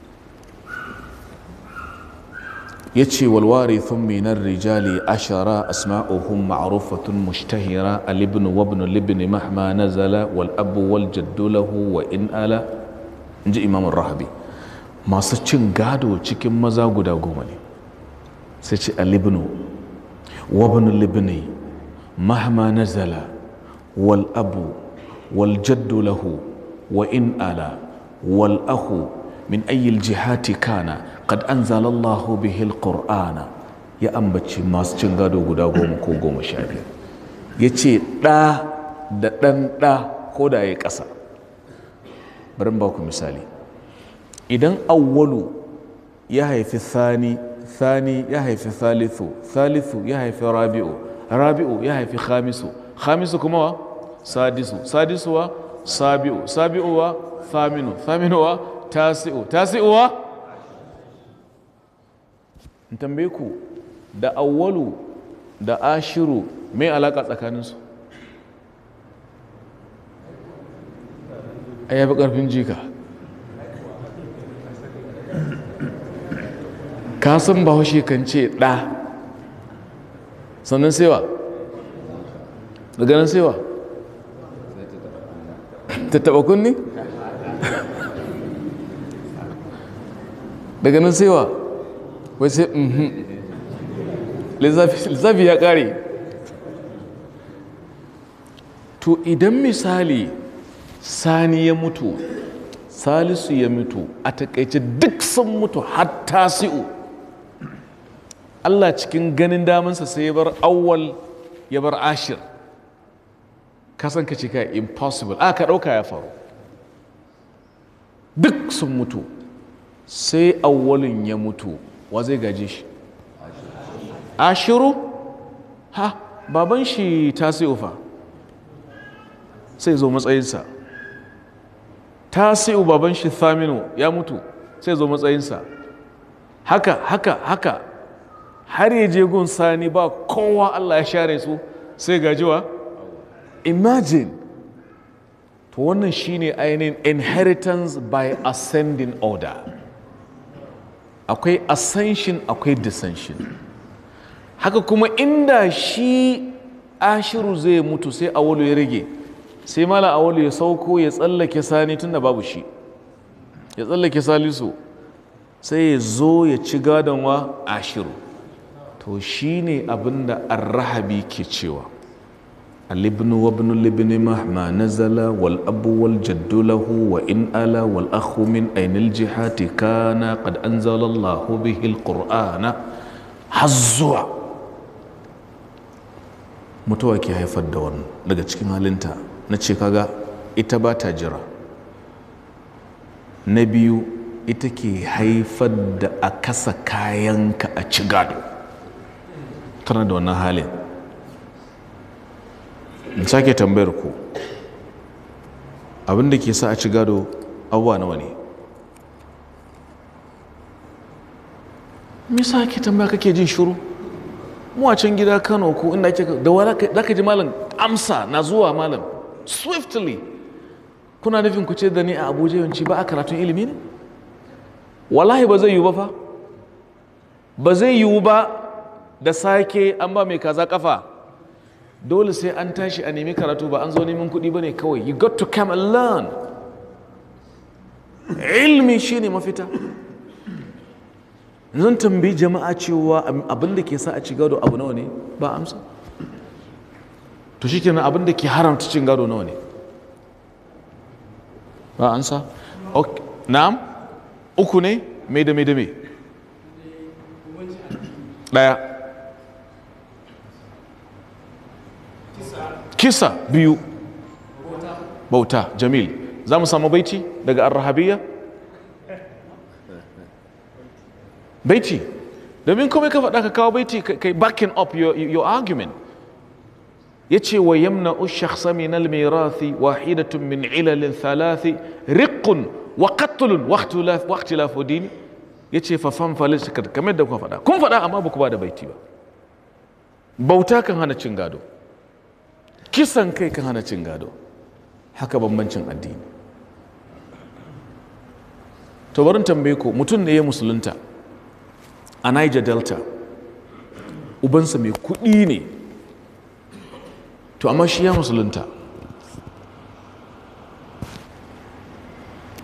يتشي والوارث من الرجال أشرا أسماؤهم معروفة مشتهرة الابن وابن الابن مهما نزل والأب والجد له وإن ألا نجى إمام الرهبي ما سچن قادو چكم مزا قدا قومني سچي الابن وابن الابن مهما نزل والأب والجد له وإن ألا والأخ من أي الجهات كان qad anzalallahu bihi alqur'ana ya ambaci masu cin gado guda goma ko goma sha biyar ya ce ɗa da ɗan ɗa ko da ya ƙasa bari ba ku misali idan awwalu ya haifi Sani, Sani ya haifi Salisu, Salisu ya haifi rabi'u rabi'u ya haifi khamisu khamisu kuma wa sadisu sadisu wa sabi'u sabi'u wa Saminu, Saminu wa tasi'u tasi'u wa in tambaye ku da awwalu da ashiru mai alaƙa tsakaninsu a yafi ƙarfin jika ka san bahaushe kan ce ɗa sannan sewa ganin nan sewa ta taɓa kunni daga nan sewa wai sai mhm. *laughs* lissafi ya kare to idan misali sani ya mutu salisu ya mutu a takaice duk sun mutu hatta si'u Allah cikin ganin damansa sai ya bar awwal ya bar ashir kasan ka ce ah, ka impossible aka ɗauka ya faru duk sun mutu sai awwalin ya mutu wa zai gaji shi ashiru ha baban shi tasi'u fa sai zo matsayinsa Ta tasi'u baban shi thaminu ya mutu sai zo matsayinsa haka haka haka har ya je gun sani ba kowa Allah ya share su sai gajiwa imagine to wannan shine ainihin inheritance by ascending order akwai ascension akwai dissension haka kuma inda shi ashiru zai mutu sai awolu ya rage sai mala awolu ya sauko ya tsallake sani tunda babu shi ya tsallake salisu sai ya zo ya ci gadon wa ashiru to shine abinda arrahabi ke cewa الابن وابن الابن مهما نزل والأب والجد له وإن ألا والأخ من أين الجهات كان قد أنزل الله به Alqur'ana حزوا mutuwa ke haifar da wani daga cikin halinta na ce kaga ita ba ta jira na biyu ita ke haifar da a kasa kayanka a ci gado tana da wannan halin in sake tambayar ku abinda ke sa a ci gado abuwa nawa ne me sa tambaya kake jin shiru mu a gida Kano ko inda ake da wa ka ji malam amsa na zuwa malam swiftly kuna nufin kuce da ni a Abuja yawanci ba a karatun ilimi ne wallahi ba zai yiwu ba fa ba zai yiwu ba da sake an ba mai kaza kafa dole sai an tashi a nemi karatu ba an zo neman kuɗi ba ne kawai you got to come and learn ilmi shi ne mafita zan tambayi jama'a cewa abinda ke sa a ci gado abu nawa ne ba amsa to shi kenan abinda ke haramta cin gado nawa ne ba amsa na'am uku ne mai da mai da mai ɗaya kisa biyu bauta jamil za mu samu baiti daga arrahabiyya baiti domin kome ka faɗa ka kawo baiti kai backing up your, your argument ya ce wa yamna ushakhsa min almirathi wahidatun min ilalin thalathi riƙun wa qatlun wa ikhtilafu dini ya ce fa fan falil kamar da kuka faɗa kun faɗa amma ba ku ba da baiti ba bauta kan hana cin gado kisan kai ka hana cin gado haka bambancin addini to barin tambaye ku mutum ne ya musulunta a niger delta ubansa mai kuɗi ne to amma shi ya musulunta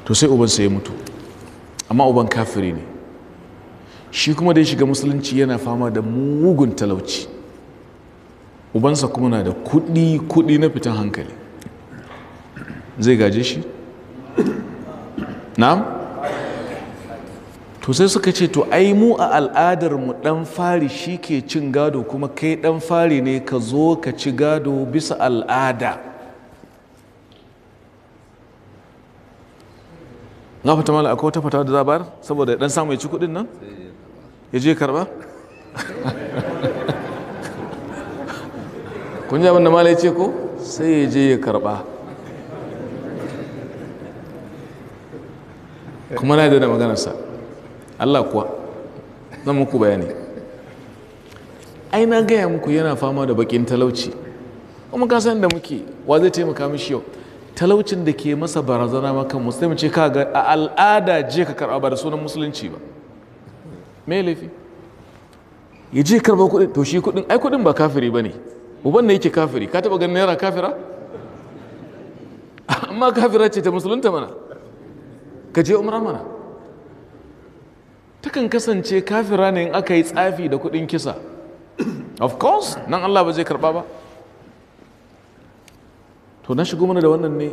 to sai ubansa ya mutu amma uban kafiri ne shi kuma da ya shiga musulunci yana fama da mugun talauci ubansa kuma na da kudi kudi na fitan hankali zai gaje shi na to sai suka ce to ai mu a al'adar mu dan fari shi ke cin gado kuma kai dan fari ne ka zo ka ci gado bisa al'ada na fata mala akwai wata fata da zabar saboda dan samu ya ci kudin nan ya je karba *laughs* kun ji abinda malai ce ko sai ya je ya karba kuma na da maganarsa Allah kuwa zan muku bayani ai na gaya muku yana fama da bakin talauci kuma ka san da muke wa zai taimaka mishi yau talaucin da ke masa barazana makan musulmi ce ka ga a al'ada je ka karɓa ba da sunan musulunci ba me laifi ya je karba kuɗin to shi kuɗin ai kuɗin ba kafiri ba ne uban ne yake kafiri ka taba ganin naira kafira *laughs* amma kafira ce ta musulunta mana ka je umra mana takan kasance kafira ne in aka yi tsafi da kudin kisa of course nan Allah ba zai karba ba to na shigo mana da wannan ne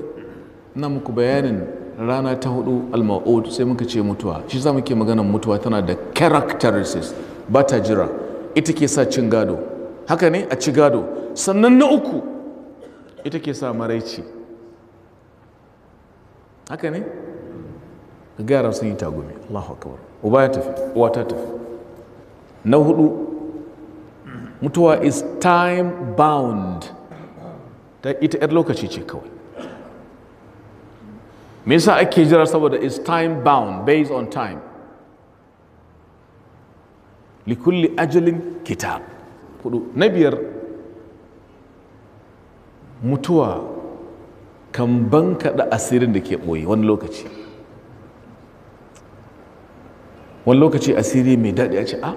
na muku bayanin rana ta hudu al sai muka ce mutuwa shi za muke maganar mutuwa tana da characteristics ba ta jira ita ke sa cin gado haka ne a ci gado sannan na uku ita ke sa maraici haka ne gara sun yi tagumi allahu akbar uba ya tafi uwa ta tafi na hudu mutuwa is time bound ta ita yar lokaci ce kawai me yasa ake jira saboda is time bound based on time likulli ajalin kitab hudu na biyar mutuwa kan bankaɗa asirin da ke ɓoye wani lokaci wani lokaci asiri mai daɗi a ce a ah,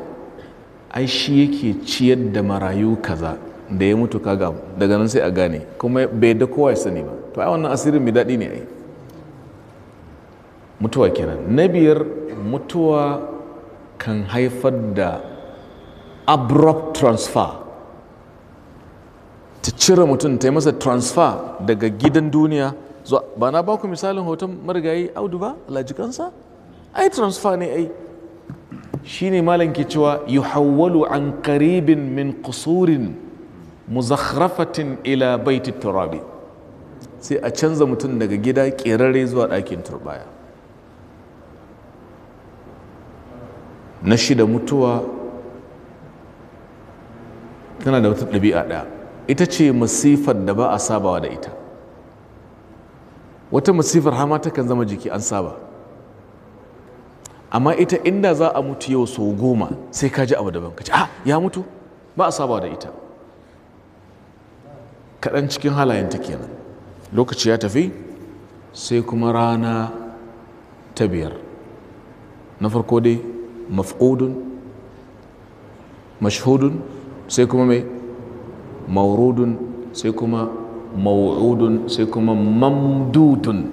ai shi yake ciyar da marayu kaza da ya mutu kaga daga nan sai a gane kuma bai da kowa ya sani ba to ai wannan asirin mai daɗi ne ai mutuwa kenan na biyar mutuwa kan haifar da abrupt transfer ta cire mutum ta yi masa transfer daga gidan duniya zuwa ba na baku misalin hoton marigayi audu ba lajikansa ai transfer ne ai shine malam ke cewa yuhawwalu an karibin min kusurin muzakhrafatin ila baiti turabi sai a canza mutum daga gida kerare zuwa ɗakin turbaya na shida mutuwa tana da wata ɗabi'a ɗaya ita ce masifar da ba a sabawa da ita wata masifar hama ta kan zama jiki an saba amma ita inda za a mutu yau sau goma sai ka ji abu daban ka ce ah ya mutu ba a sabawa da ita kaɗan cikin halayen ta kenan lokaci ya tafi sai kuma rana ta biyar na farko dai maf'udun mashhudun sai kuma mai maurudun sai kuma mawudun sai kuma mamdudun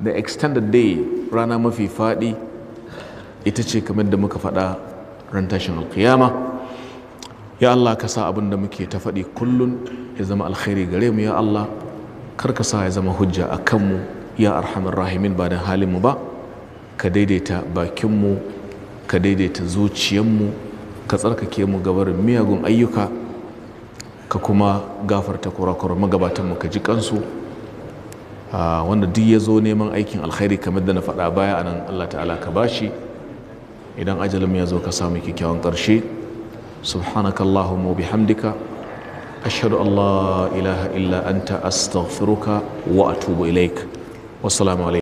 the extended day rana mafi fadi ita ce kamar da muka faɗa ran tashin alkiyama ya Allah ka sa abin da muke ta faɗi kullun ya zama alkhairi gare mu ya Allah kar ka sa ya zama hujja a kanmu ya arhamar rahimin ba da halinmu ba ka daidaita bakinmu ka daidaita zuciyarmu ka tsarkake mu gabar miyagun ayyuka ka kuma gafarta kurakuran magabatanmu ka ji kansu ah, wanda duk ya zo neman aikin alkhairi kamar da na faɗa baya a nan allah ta'ala ka bashi idan ajalin ya zo ka samu kyakkyawan ƙarshe subhanaka allahumma bihamdika ashhadu an la ilaha illa anta astaghfiruka wa atubu ilaik wassalamu